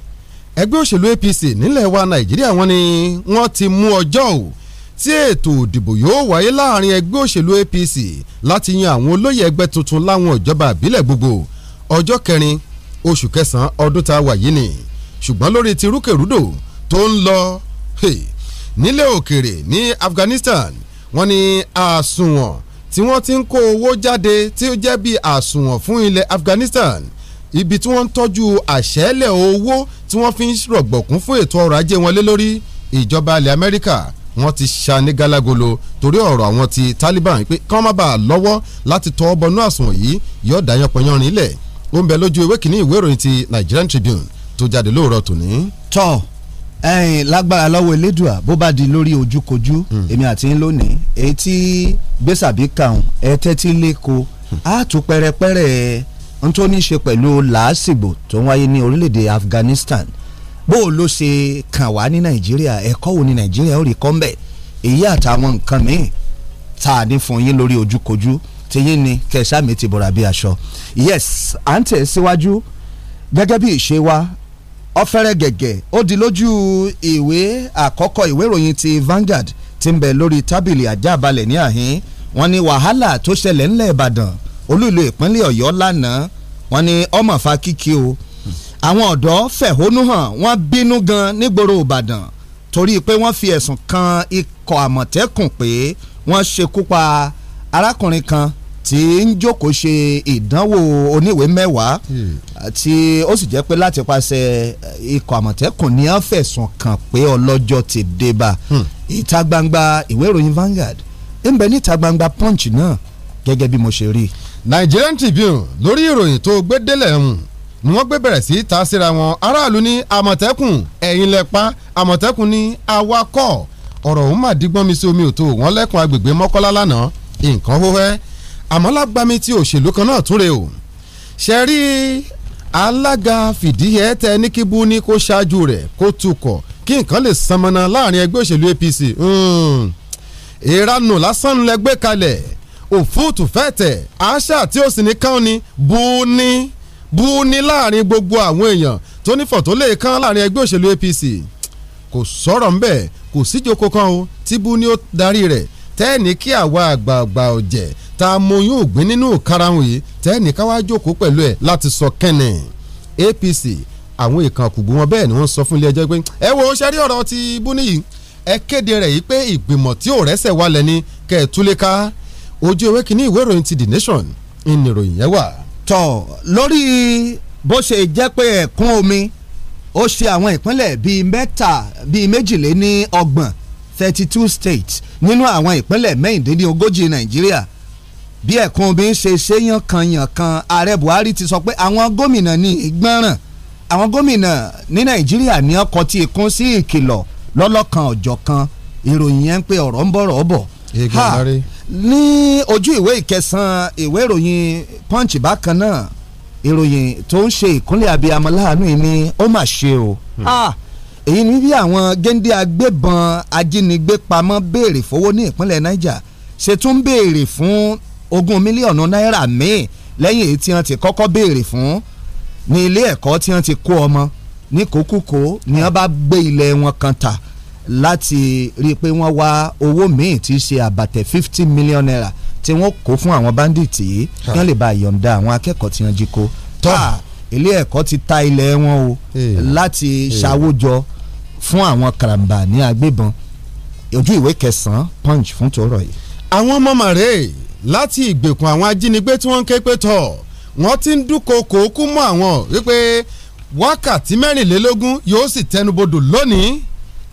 ẹgbẹ́ òṣèlú APC nílẹ̀ wa Nàìjíríà wọ́n ní wọ́n ti mú ọjọ́ ò tí ètò òdìbò yóò wáyé láàrin ẹgbẹ́ òṣèlú APC láti yan àwọn olóyè ẹgbẹ́ tuntun láwọn ìjọba àbílẹ̀ gbogbo ọjọ́ kẹrin oṣù kẹsàn-án ọdún tá a wà yìí ni ṣùgbọ́n lórí ti rúkèrúdò tó ń lọ nílẹ̀ òkèrè ní Afghanistan wọ́n ní àsùnwọ̀n tí wọ́n ti ń kó owó jáde tí ó jẹ́ bí àsùnwọ̀n fún ilẹ̀ Afghanistan ibi tí wọ́n ń tọ́jú àṣẹ́lẹ̀ owó tí wọ́n fi ń rọ̀gbọ̀kún fún ètò ọrọ̀ ajé wọn lé lórí ìjọba ilẹ̀ Amẹ́ríkà wọ́n ti ṣa ní torí ọ̀rọ̀ àwọn ti Taliban pé kán má bàa lọ́wọ́ láti tọ́ bọnú àsùnwọ̀n yìí yóò dáyàn pọnyán rìn lẹ̀ ó ń bẹ lójú ewé kìíní ìwé ìròyìn ti Nigerian Tribune tó jáde lóòrọ̀ tòní. tọ́ ẹyin lágbára lọ́wọ́ elédùà bó bá di lórí ojúkojú hmm. èmi àti ń lónìí èyí tí gbèsàbí kàún ẹ tẹ́tí lẹ́kọ̀ọ́ àtúpẹ̀rẹ̀pẹ̀rẹ̀ hmm n tó ní í ṣe pẹ̀lú làásìgbò tó wáyé ní orílẹ̀-èdè Afghanistan bó o ló ṣe kàn wá ní Nàìjíríà ẹ̀kọ́ wo ní Nàìjíríà ó rí kọ́ńbẹ̀ èyí àtàwọn nǹkan míì tá a ní fún yín lórí ojúkojú tí yín ni kẹsàmì ti bọ̀rọ̀ àbí aṣọ yes à ń tẹ̀ síwájú gẹ́gẹ́ bí ìṣe wa ọ̀fẹ́rẹ́ gẹ̀gẹ̀ ó di lójú ìwé àkọ́kọ́ ìwé ìròyìn ti Vanguard ti ń bẹ lórí tábìlì àjábalẹ̀ ní àhín wọ́n ní wàhálà tó ṣẹlẹ̀ ńlẹ̀ Ìbàdàn olú ìlú ìpínlẹ̀ Ọ̀yọ́ lánàá wọ́n ní ọmọ fa kíkí o àwọn ọ̀dọ́ fẹ̀hónú hàn wọ́n bínú gan nígboro Ìbàdàn torí pé wọ́n fi ẹ̀sùn kan ikọ̀ àmọ̀tẹ́kùn pé wọ́n ṣekú pa arákùnrin kan tí ń jókòó ṣe ìdánwò oníwèé mẹ́wàá tí ó sì jẹ́ pé láti paṣẹ eh, ikọ̀ àmọ̀tẹ́kùn ni wọ́n fẹ̀sùn kàn pé ọlọ́jọ́ ti dé bá ìta gbangba ìwé ìròyìn Vanguard ń bẹ níta gbangba Punch náà gẹ́gẹ́ bí mo ṣe rí i Nigerian Tribune lórí ìròyìn tó gbé délẹ̀ ń ni wọ́n gbé bẹ̀rẹ̀ sí ta síra wọn aráàlú ní àmọ̀tẹ́kùn ẹ̀yìn lẹ́pa àmọ̀tẹ́kùn ní awakọ̀ ọ̀rọ̀ òun mà dígbọ́n mi sí omi òtó wọn lẹ́kùn agbègbè mọ́kọ́lá lánàá nǹkan hóhẹ́ àmọ́ lágbàmí tí òṣèlú kan náà túnre o ṣe rí alága fìdíhẹ tẹ ní kíbu ní kó ṣáájú rẹ̀ kó tukọ̀ kí nǹkan lè sanmọ́nà láàrin ẹgbẹ́ òṣèlú APC hmm. ìranù lásán lẹgbẹ́ kalẹ̀ òfúùtù fẹ́tẹ̀ àṣà tí ó sì ní kán ni bu ni bu ni láàrin gbogbo àwọn èèyàn tó nífọ̀ tó lè kán láàrin ẹgbẹ́ òṣèlú APC kò sọ̀rọ̀ ńbẹ̀ kò síjoko kan o tí bu ni ó darí rẹ̀ tẹ́ẹ̀ni kí àwa àgbààgbà ọ̀jẹ̀ tá a mọ oyún nínú karahun yìí tẹ́ẹ̀ni káwá jókòó pẹ̀lú ẹ̀ láti sọ kẹ́nẹ̀ APC àwọn ìkànnì kùgbù wọn bẹ́ẹ̀ ni wọ́n sọ fún ilé ẹjọ́ pé ẹ wo ṣe rí ọ̀rọ̀ ti bú níyì ẹ kéde rẹ̀ yìí pé ìgbìmọ̀ tí ò rẹ́sẹ̀ wálẹ̀ ni kẹ̀ ẹ̀ ká ojú ewé kínní ìwé ìròyìn ti the nation ní ìròyìn yẹn wà. tọ lórí bó ṣe jẹ́ pé ẹ̀kún omi ó ṣe àwọn ìpínlẹ̀ bíi mẹ́ta bíi méjìléní ọgbọ̀n thirty two states nínú àwọn ìpínlẹ̀ mẹ́rìndínlógójì nàìjíríà bí ẹ̀kún omi ṣe ṣe yànkanyànkan ààrẹ buhari ti sọ pé àwọn gómìnà ní ìgbọràn àwọn gómìnà ní nàìjíríà ní ọkọ̀ tí ìkún sí ìkìlọ̀ lọ́lọ́kan kan ìròyìn yẹn ń pé ọ̀rọ̀ ń bọ̀rọ̀ bọ̀ ní ojú ìwé ìkẹsàn ìwé ìròyìn punch bákan náà ìròyìn tó ń ṣe ìkúnlẹ̀ abiyamọ láàánú yìí ni ó mà ṣe o hmm. ah, èyí ni bí àwọn géńdé agbébọn ajínigbé pamọ́ béèrè fowó ní ìpínlẹ̀ Niger ṣe tún ń béèrè fún ogún mílíọ̀nù náírà míì lẹ́yìn èyí tí wọ́n ti kọ́kọ́ béèrè fún ní ilé ẹ̀kọ́ tí wọ́n ti kó ọmọ ní kókúkó ni wọ́n bá gbé ilẹ̀ wọn kan tà láti rí i pé wọ́n wá owó míì tí í ṣe àbàtẹ̀ fifty million naira tí wọ́n kó fún àwọn bandits yìí kí wọ́n lè bá yọ̀ǹda àwọn akẹ́kọ̀ọ́ tí wọ́n jí kó tọ́ ah. ilé ẹ̀kọ́ ti ta ilẹ̀ wọn o eh. láti eh. ṣàwójọ fún àwọn karambà ní agbébọn ojú ìwé kẹsàn-án punch fún tòrọ yìí. àwọn ọmọ màrè láti ìgbèkùn àwọn ajínigbé tí wọ́n ń ké pé tọ̀ wọ́n ti ń dúnkokò kú mọ́ àwọn wípé wákàtí mẹ́rìnlélógún yóò sì tẹnubodò lónìí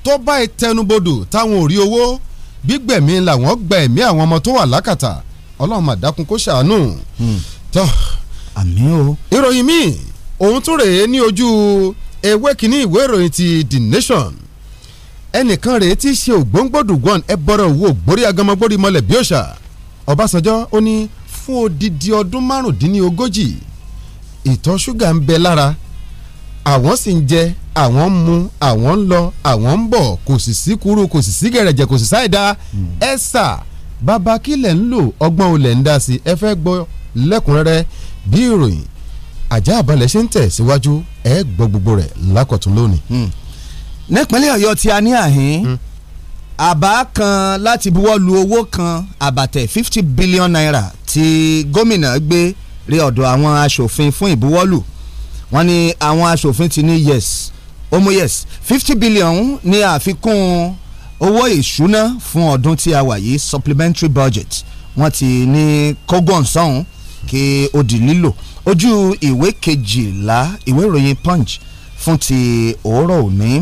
tó bá ìtẹnubodò táwọn ò rí owó gbígbẹ̀mí làwọn gbẹ̀mí àwọn ọmọ tó wà lákàtà ọlọ́run mà dákun kó ṣàánú. Hmm. tọ́ àmì o. ìròyìn míì òun tún rèé ní ojú ewé kínní ìwé ìròyìn ti The Nation ẹnìkan rèé tí í ṣe ògbóǹgbòdùgbọ́n ẹ bọ́rọ̀ wo gbórí agamọ́gbórí mọ́lẹ̀ bí òòṣà Ọbásanjọ́ ó ní fún odidi ọdún márùndínlógójì ìtọ̀ ṣúgà ń bẹ lára àwọn sì ń jẹ àwọn ń mu àwọn ń lọ àwọn ń bọ̀ kò sì sí kúrú kò sì sí gẹ̀rẹ̀jẹ̀ kò sì sáìdá hmm. ẹ sà bàbá kílẹ̀ ń lò ọgbọ́n olè ń dá sí ẹ fẹ́ gbọ́ lẹ́kùnrẹ́rẹ́ bí ìròyìn àjà àbálẹ̀ ṣe ń tẹ̀ síwájú ẹ gbọ́ gbogbo rẹ̀ lákọ̀tún lónìí. Hmm. nípínlẹ̀ ọ̀yọ́ tí a ní àhín hmm. àbá kan láti buwọ́ lu owó kan àbàtẹ̀ fifty billion naira ti gómìnà gbé rí ọ̀dọ̀ àwọn aṣòfin fún ìbuwọ́lù wọ́n ní àwọn aṣòfin ti ní yes Omo yes, fifty billion ni àfikún owó ìṣúná fún ọdún tí a wà yìí supplementary budget wọ́n ti ní kógón sọ́hún kí ó di lílò ojú ìwé kejìlá ìwé ìròyìn punch fún ti òórọ̀ òní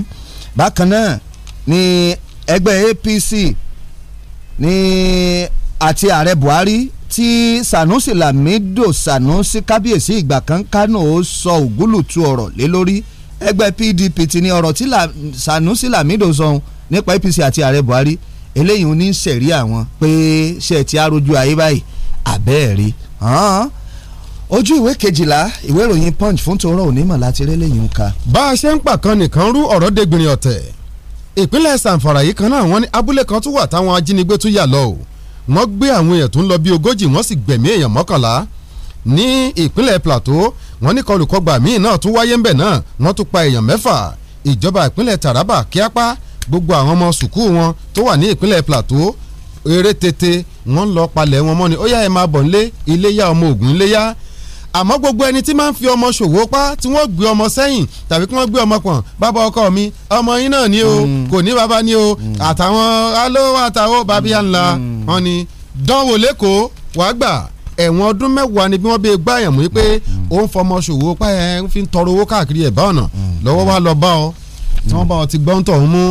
bákan náà ní ẹgbẹ́ APC ni àti ààrẹ Buhari tí Sanusi Lamido Sanusi kábíyèsí ìgbà kan Kánò ó sọ ògúlùtù ọ̀rọ̀ lé lórí. So ẹgbẹ́ PDP ti ní ọ̀rọ̀ tí Sanusi Lamido sọ̀hún nípa APC àti ààrẹ Buhari eléyìí ò ní sẹ̀rí àwọn pé ṣe ti arójú ayé báyìí àbẹ́ẹ̀rí ojú ìwé kejìlá ìwé ìròyìn punch fún tòró onímọ̀ láti rí lẹ́yìn nǹka. bá a ṣe ń pàkan nìkan rú ọ̀rọ̀ dẹ́gbìnrin ọ̀tẹ̀ ìpínlẹ̀ sanfara yìí kan náà wọ́n ní abúlé kan tún wà táwọn ajínigbé tún yà lọ wọ́n gbé àwọn èèyàn tó ń lọ bí ogójì wọ́n sì gbẹ̀mí èèyàn mọ́kànlá ní ìpínlẹ̀ Plateau wọ́n ní kọlùkọgbà míì náà tún wáyé ńbẹ̀ náà wọ́n tún pa èèyàn mẹ́fà ìjọba ìpínlẹ̀ Taraba kíápá gbogbo àwọn ọmọ sùkúù wọn tó wà ní ìpínlẹ̀ Plateau eré tètè wọ́n lọ palẹ̀ wọn mọ́ ni ó yá ẹ máa bọ̀ nílé iléyá ọmọ ògùn iléyá àmọ́ gbogbo ẹni tí máa ń fi ọmọ ṣòwò pa tí wọ́n gbé ọmọ sẹ́yìn tàbí kí wọ́n gbé ọmọ pọ̀n bàbá ọkọ mi ọmọ yín náà ni o mm. kò ní bàbá ni o mm. àtàwọn alówó àtàwọn bàbá yà ńlá mm. wọn ni dánwò lẹ́kọ̀ọ́ wàá gbà ẹ̀wọ̀n ọdún mẹ́wàá ni bí wọ́n bẹ gbá ẹ̀mú pé ó ń fọmọ ṣòwò pa ẹ̀ ń fi tọrọ owó káàkiri ẹ̀ bá ọ̀nà lọ́wọ́ wa lọ bá ọ tí wọ́n bá ọ ti gbọ́n tọ̀ ń mú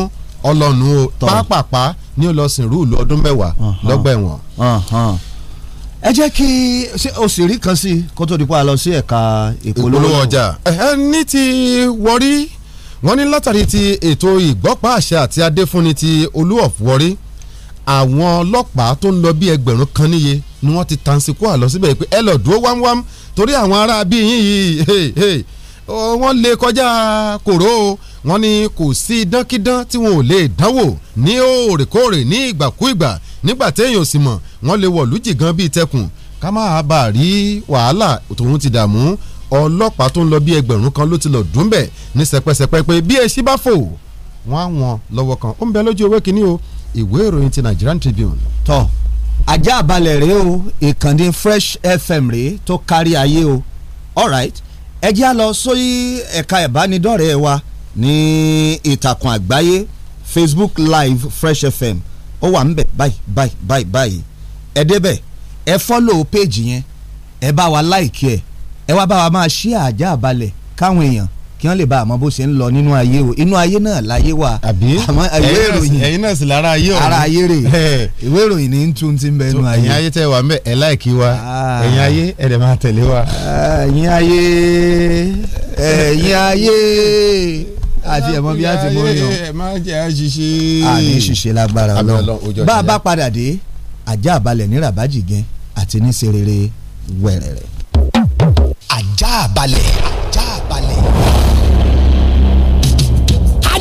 ọlọ́nu o pápápá ní ó lọ sìn rúùlù ọdún mẹ́wàá lọ́gbà ẹ̀wọ̀n. ẹ jẹ́ kí òṣèré kan sí kó tó di pa lọ sí ẹ̀ka ìpolówó ọjà. ẹ ní ti wọrí wọ́n ní látàrí ti ètò ìgbọ́pá àti adéfúnni ti olú àwọn ọlọ́pàá tó ń lọ bí ẹgbẹ̀rún kan níye ni wọ́n ti tansikó àlọ́ síbẹ̀ pé ẹ lọ dúró wámwám torí àwọn ará bíi yín yìí wọ́n lè kọjá kòró o wọ́n ní kò sí dánkídán tí wọn ò lè dánwò ní òòrèkóòrè ní ìgbàkúìgbà nígbà téèyàn sì mọ̀ wọ́n lè wọ̀lú jìgan bíi tẹkùn ká má bàa rí wàhálà tòun ti dààmú ọlọ́pàá tó ń lọ bí ẹgbẹ̀rún kan ló ti lọ dùn bẹ̀ ní sẹpẹsẹpẹ pé bí eṣí bá fò wọ́n á lọ́wọ́ kan ó ń bẹ lójú ewé kínní o ìwé ìròyìn ti Nigerian Tribune. tọ́ ajá balẹ̀ rèé o ìkànnì fresh fm rèé tó kárí ayé o alright ẹ jẹ́ á lọ sórí ẹ̀ka ìbánidọ́rẹ̀ẹ́ wa ní ìtàkùn àgbáyé facebook live fresh fm ó wà ń bẹ̀ báyìí báyìí báyìí báyìí ẹ débẹ̀ ẹ fọ́lọ̀ péjì yẹn ẹ bá wa láìkí ẹ ẹ folo yen bá wa máa ṣí àjá balẹ̀ káwọn èèyàn kí wọ́n lè bá àmọ́ bó ṣe ń lọ nínú ayé o inú ayé náà láyé wà àmọ́ ìwé ìròyìn ẹ̀yin náà sì lára ayé ọ̀hún ara ayé rè ìwé ìròyìn ní tún ti ń bẹ inú ayé. ẹ̀yin ayé tẹ́ wà ń bẹ láìkí wa ah. ẹ̀yin ayé ẹ̀ dẹ̀ máa tẹ̀lé wa. Ah, ẹ̀yin ayé ẹ̀yin ayé àti ẹ̀mọ́ bí a ti mú yàn. ẹ má jẹ́ àṣìṣe. àní ṣìṣe lágbára Ọlọ́run bá a bá padà dé ajá àbalẹ̀ ní ràbájì àti ní serere wẹ̀rẹ̀rẹ̀. ajá àbalẹ̀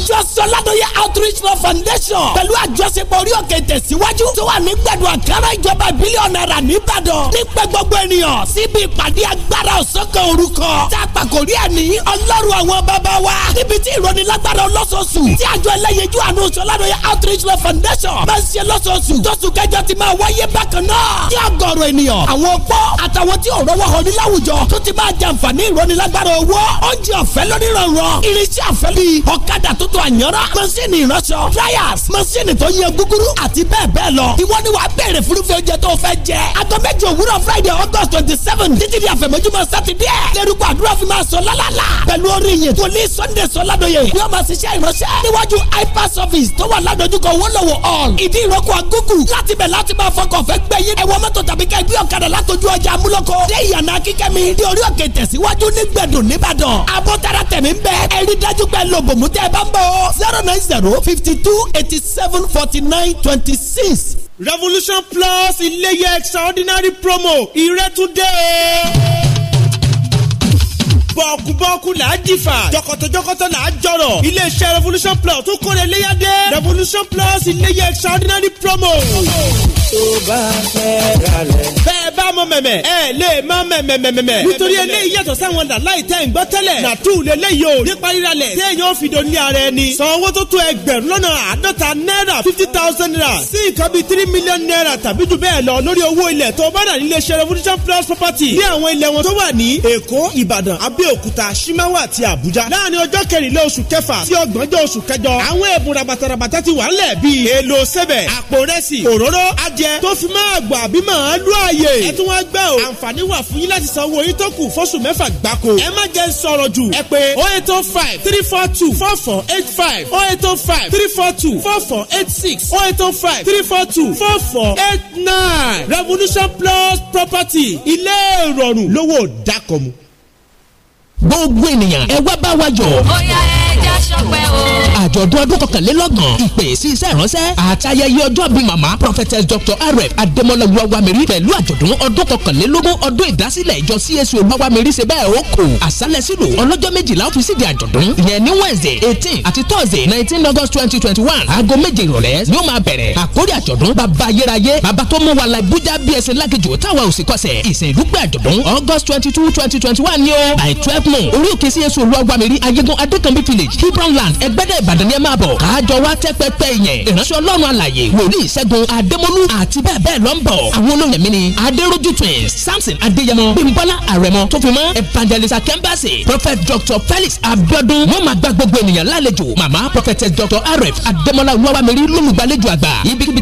Trust Ọládòye Outreach for Foundation pẹ̀lú àjọṣepọ̀ orí òkè tẹ̀síwájú tó wà ní gbẹ̀dọ̀ àkàrà ìjọba bílíọ̀nù náírà nìbàdàn nípẹ́ gbogbo ènìyàn síbi ìpàdé agbára òsókè orúkọ tá a pàkórí ẹ̀ ní ọlọ́run àwọn bàbá wa níbi tí ìrónilágbára ọlọ́sọ̀ọ̀sù tí àjọ ẹlẹ́yinjú àánú Ọládòye Outreach for Foundation máa ń ṣe lọ́sọ̀ọ̀sù tóṣù kẹjọ ti máa wáyé bákan náà kí ọ̀gọ̀rọ̀ ènìyàn àwọn opó àtàwọn tí òróró hàn ní láwùjọ tó ti máa jàǹfààní ìrónilágbára owó oúnjẹ ọ̀fẹ́ lónìí rọrùn aṣọ àyànrá mọ́ṣíìnì ìránṣọ flyers mọ́ṣíìnì tó yẹ gúgúrú àti bẹ́ẹ̀ bẹ́ẹ̀ lọ ìwọ ni wàá bẹ̀rẹ̀ furuufee oúnjẹ tó fẹ́ jẹ aago méjì òwúrọ̀ friday august twenty seven títí di àfẹ̀mọ́júmọ́ sátidé lẹ́rùkọ àdúrà fi máa sọ lálàlà pẹ̀lú orin yìí wòlíì sunday sọ ládòye ni wọ́n máa ṣiṣẹ́ ìránṣẹ́ níwájú hyper service tó wà ládojúkọ wọ́lọ́wọ́ all ìdí ìrọ́kọ̀ àgókù láti bẹ̀ láti máa fọkàn fẹ́ gbẹ yín ẹ̀wọ́ mọ́tò tàbí ká gbé ọ̀kadà látọjú ọjà amúlọ́kọ dé ìyànà akíkẹ́mi ní orí òkè tẹ̀síwájú nígbẹ̀dùn níbàdàn abọ́tara tẹ̀mí ń bẹ ẹ̀rí dájú pé lòbòmù tẹ́ ẹ bá ń bọ̀ zero nine zero fifty two eighty seven forty nine twenty six. revolution plus iléyẹ extraordinary promo ìrẹ́túndé bọ́ọ̀kú-bọ́ọ̀kú là á jìfà jọkọ̀tọ̀jọkọ̀tọ̀ là á jọ̀rọ̀ iléeṣẹ́ revolution plus tó kọ́ni ẹlẹ́yà dé revolution plus iléyà extraordinary promo. tó bá fẹ́ ra lẹ̀. bẹ́ẹ̀ bá mọ mẹ̀mẹ̀ ẹ lè má mẹ̀mẹ̀mẹ̀mẹ̀. nítorí eléyìí yàtọ̀ sáwọn làláì tẹ́ ń gbọ́ tẹ́lẹ̀ nàtú lélẹ́yìí o nípa ríra lẹ̀ téèyàn fi doni ara ẹni. san owó tó tó ẹgbẹ̀rún lọ́nà àádọ́ta náírà fifty thousand naira sí nǹkan bíi three million naira tàbí jù bẹ́ẹ̀ lọ lórí owó ilẹ̀ tó bá dà nílé iṣẹ́ revolution plus property ní àwọn ilẹ̀ wọn tó wà ní èkó ìbàdàn abẹ́ abẹ́òkúta shimawa àti abuja láàrin ọjọ́ kẹrìnlá oṣù kẹfà sí ọgbọ̀njọ́ oṣù kẹjọ àwọn ẹ̀bùn rabatarabata ti wà ńlẹ̀ bíi èlò sẹ́bẹ̀ àpò rẹ́sì òróró adìẹ tó fi máa gbà àbí máa lú àyè ẹ tún wá gbà o àǹfààní wà fún yín láti san yín tó kù fọ́sùn mẹ́fà gbáko ẹ má jẹ́ sọ̀rọ̀ jù ẹ pé oh eight oh five three four two four four eight five oh eight oh five three four two four four eight six oh eight oh five three four two four four eight nine revolution plus property ilé ìrọ̀rùn lówó dákọ̀mu. gbogbo ènìyàn ẹ wá bá wa jọ. ó yá ẹ já sọpẹ́ o ya sope o àjọ̀dún ọdún kọkànlélọ́gbọ̀n ìpè sí iṣẹ́ ìránṣẹ́ àtayẹyẹ ọjọ́ bíi màmá prophetess dr rf adémọlá olúwawamẹ́rí pẹ̀lú àjọ̀dún ọdún kọkànlélógún ọdún ìdásílẹ̀ ìjọ csc olúwawamẹ́rí ṣe bẹ́ẹ̀ ó kò àṣálẹ̀ sílò ọlọ́jọ́ méjìlá ó fi síbi àjọ̀dún ìyẹn ní wednesday eighteen àti thursday nineteen august twenty twenty one aago méje ìrọ̀lẹ́ ni ó máa bẹ̀rẹ̀ àkórí àjọ̀dún bàbá ayérayé bàbá tó mú wa la ibùjá bí ẹsẹ̀ lágéjò táwa ò sì kọsẹ̀ ìsìn ìdúgbò àjọ̀dún august twenty two twenty twenty one ni ó by twelve noon orí òkè csc olúwawamẹ́rí ayégún adékanbí village hebron land ẹgbẹ́dẹ̀ ìbàdàn ni ẹ máa bọ̀ káàjọ wá tẹ́ pẹpẹ yẹn ìránṣẹ́ ọlọ́run àlàyé wòlíì ṣẹ́gun adémọ́lú àti bẹ́ẹ̀ bẹ́ẹ̀ lọ ń bọ̀ àwọn olóyè mi ni adérójú twins samson adéyẹmọ bímbọ́lá àrẹ̀mọ tó fi mọ́ evangelista kẹ́mbàṣe prophet dr felix abiodun wọ́n máa gba gbogbo ènìyàn lálejò màmá prophetess dr rf adémọ́lá olúwàmẹ́rí lólùgbàlejò àgbà ibikíbi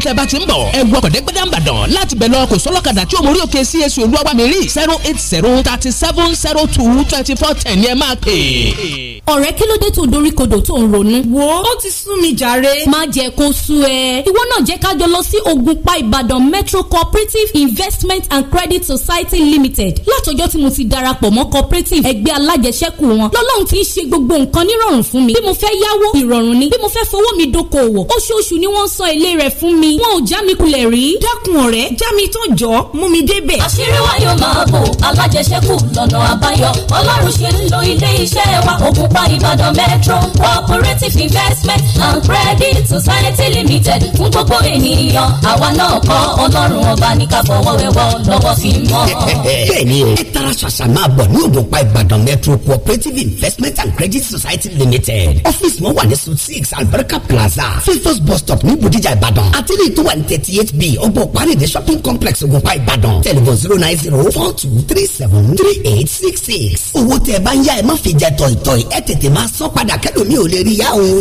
ọ̀rẹ́ kí ló dé tó doríkodò tó ń ronú wo ó ti sú mi jàre. má jẹ́ kó sú ẹ ìwọ náà jẹ́ ká jọ lọ sí Ògùnpa Ìbàdàn Metro Cooperative Investment and Credit Society Limited látọjọ́ tí mo ti darapọ̀ mọ́ cooperative ẹgbẹ́ alájẹsẹ́kù wọn lọ́lọ́run ti ń ṣe gbogbo nǹkan nírọ̀rùn fún mi bí mo fẹ́ yáwó ìrọ̀rùn ni bí mo fẹ́ fowó mi dókòwò oṣooṣù ni wọ́n ń san èlé rẹ̀ fún mi wọn ò já mi kulẹ̀ rí. dákun ọ̀rẹ́ já mi tó jọ mú mi débẹ̀. àṣírí wa yóò máa bò alájẹsẹ́kù lọ́nà àbáyọ ọlọ́run ṣe ń lo ilé iṣẹ́ wa Ògùnpa Ìbàdàn Metro Cooperative investment and credit society limited fún gbogbo ènìyàn àwa náà kọ́ ọlọ́run ọba ní ká fọwọ́ wẹ́wọ́ lọ́wọ́ fi mọ́. bẹ́ẹ̀ni o ẹ tara ṣaṣa máa bọ̀ ní ògùnpa ìbàdàn metro cooperative investment and credit society limited ọ́fíìsì wọn wà ní suite six alberca plaza fifos bus stop ní bòdìjà ìbàdàn àtẹlẹ tó wà ní thirty eight b ọgbọ̀n the shopping complex ògùnpa ìbàdàn telephone zero nine zero four two three seven three eight six six owó tẹ́ ẹ bá ń yá ẹ má fi jẹ tọ̀ìtọ̀ì ẹ tètè máa sọ padà kẹ́lòmí ò lè rí yá o.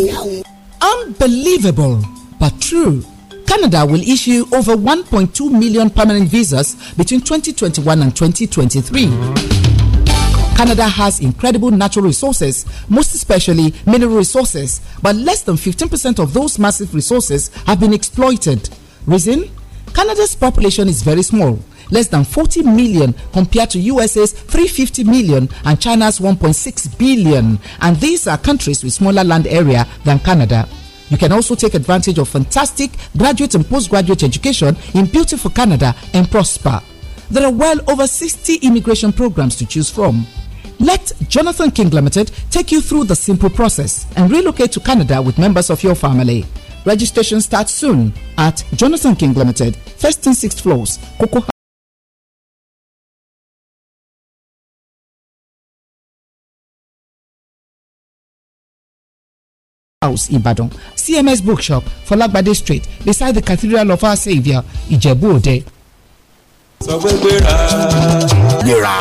Unbelievable, but true. Canada will issue over 1.2 million permanent visas between 2021 and 2023. Canada has incredible natural resources, most especially mineral resources, but less than 15% of those massive resources have been exploited. Reason? Canada's population is very small, less than 40 million compared to USA's 350 million and China's 1.6 billion. And these are countries with smaller land area than Canada. You can also take advantage of fantastic graduate and postgraduate education in beautiful Canada and prosper. There are well over 60 immigration programs to choose from. Let Jonathan King Limited take you through the simple process and relocate to Canada with members of your family. Registration starts soon at Jonathan King Limited, first and sixth floors, Cocoa. House in Badon, CMS Bookshop for Lagbade Street, beside the Cathedral of Our Savior, Ijebu Ode. sọ pé gbéra. gbéra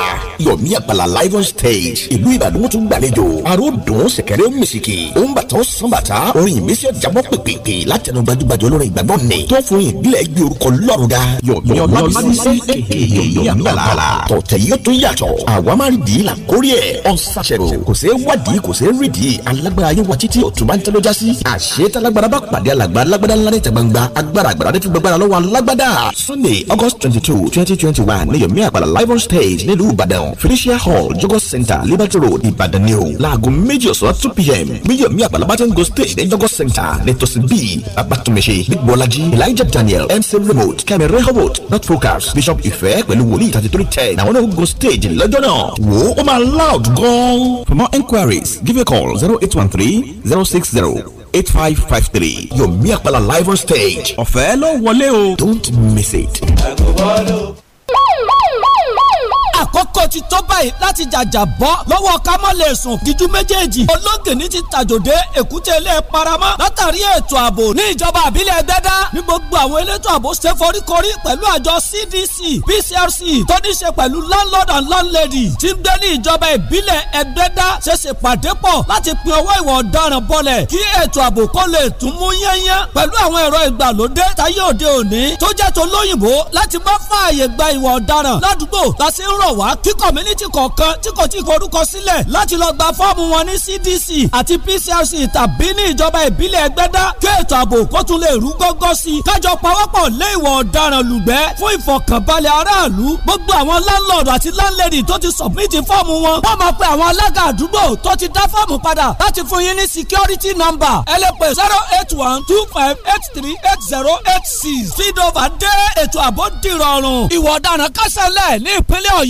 yomi àgbàlá live on stage ìlú ìbàdàn wọn tún gbàlejò aró dùn sẹ̀kẹ̀rẹ̀ mísìkì òun bàtà sànbàtà orin ìmísí ọjàbọ pèpèpè látẹnu gbajúgbajù olórin ìgbàgbọ́ ni tó fún ìbílẹ̀ gbé orúkọ lọ́rùn dá yomi ọlọ́dúnrún yomi àgbàlá tọ̀tẹ̀ yóò tún yàtọ̀ àwa máa ń dì í là kórí ẹ̀ ọ̀sàṣẹ̀rò kò ṣeé wádìí kò ṣeé rídìí alágbára ayé wa títí ọ̀tún máa ń tẹ́lọ́já sí àṣetálágbára bá pàdé sunday august twenty twenty twenty one ní Yomi Àpàlà live on stage nílùú Ìbàdàn Felicia Hall Jogos Center Liberty Road Ìbàdàn ni o láago méjì ọ̀sán two pm bí Yomi Àpàlà bá ti ń go stage ní Jogos Center nítòsí bíi Babatunmise Big Bọ́lájí Elijah Daniel MC Remote Kemi Rehoboth not focus Bishop Ife pẹ̀lú wòlíì thirty three ten àwọn náà go stage lọ́jọ́ náà wò ó máa loud gan For more enquiries give a call zero eight one three zero six zero. eight five five three Yomi Apala live on stage Ofelo Waleo. don't miss it. àkókò ti tó báyìí láti jàjà bọ́ lọ́wọ́ ká má lè sùn díjú méjèèjì olóngìní ti tàjòdè èkúté ilé paramọ́ látàrí ètò ààbò ní ìjọba àbílẹ̀ ẹgbẹ́dá ní gbogbo àwọn elétò ààbò ṣe foríkorí pẹ̀lú àjọ CDC PCRC tó ní ṣe pẹ̀lú landlord and landlady tí ń gbé ní ìjọba ìbílẹ̀ ẹgbẹ́dá ṣe ṣe pàdé pọ̀ láti pin ọwọ́ ìwà ọ̀daràn bọlẹ̀ kí ètò ààbò kó lè tún mú yẹ́nyẹ́ pẹ̀lú àwọn ẹ̀rọ ìgbàlódé táyé òde òní tó jẹ́ tó lóyìnbó láti má fààyè gba ìwà ọ̀daràn ládùúgbò la ń rọ̀ wá wá kí community kọ̀ọ̀kan tí kò tí forúkọ sílẹ̀ láti lọ gba fọ́ọ̀mù wọn ní CDC àti PCRC tàbí ní ìjọba ìbílẹ̀ ẹgbẹ́dá kí ètò ààbò kó tún lè rú gógó sí i kájọ pawọ́pọ̀ lé ìwọ̀ ọ̀daràn lùgbẹ́ fún ìfọ̀kànbalẹ̀ aráàlú gbogbo àwọn landlord àti landlady tó ti submit fọ́ọ̀mù wọn wọ́n máa pe àwọn alága àdúgbò tó ti dá fọ́ọ̀mù padà láti fún yín ní security number ẹ lè zero eight one two five eight three eight zero eight six fídọ́fà dé ètò ààbò dìrọ̀rùn ìwọ̀ ọ̀daràn kásẹ̀ lẹ̀ ní ìpínlẹ̀ ọ̀yọ́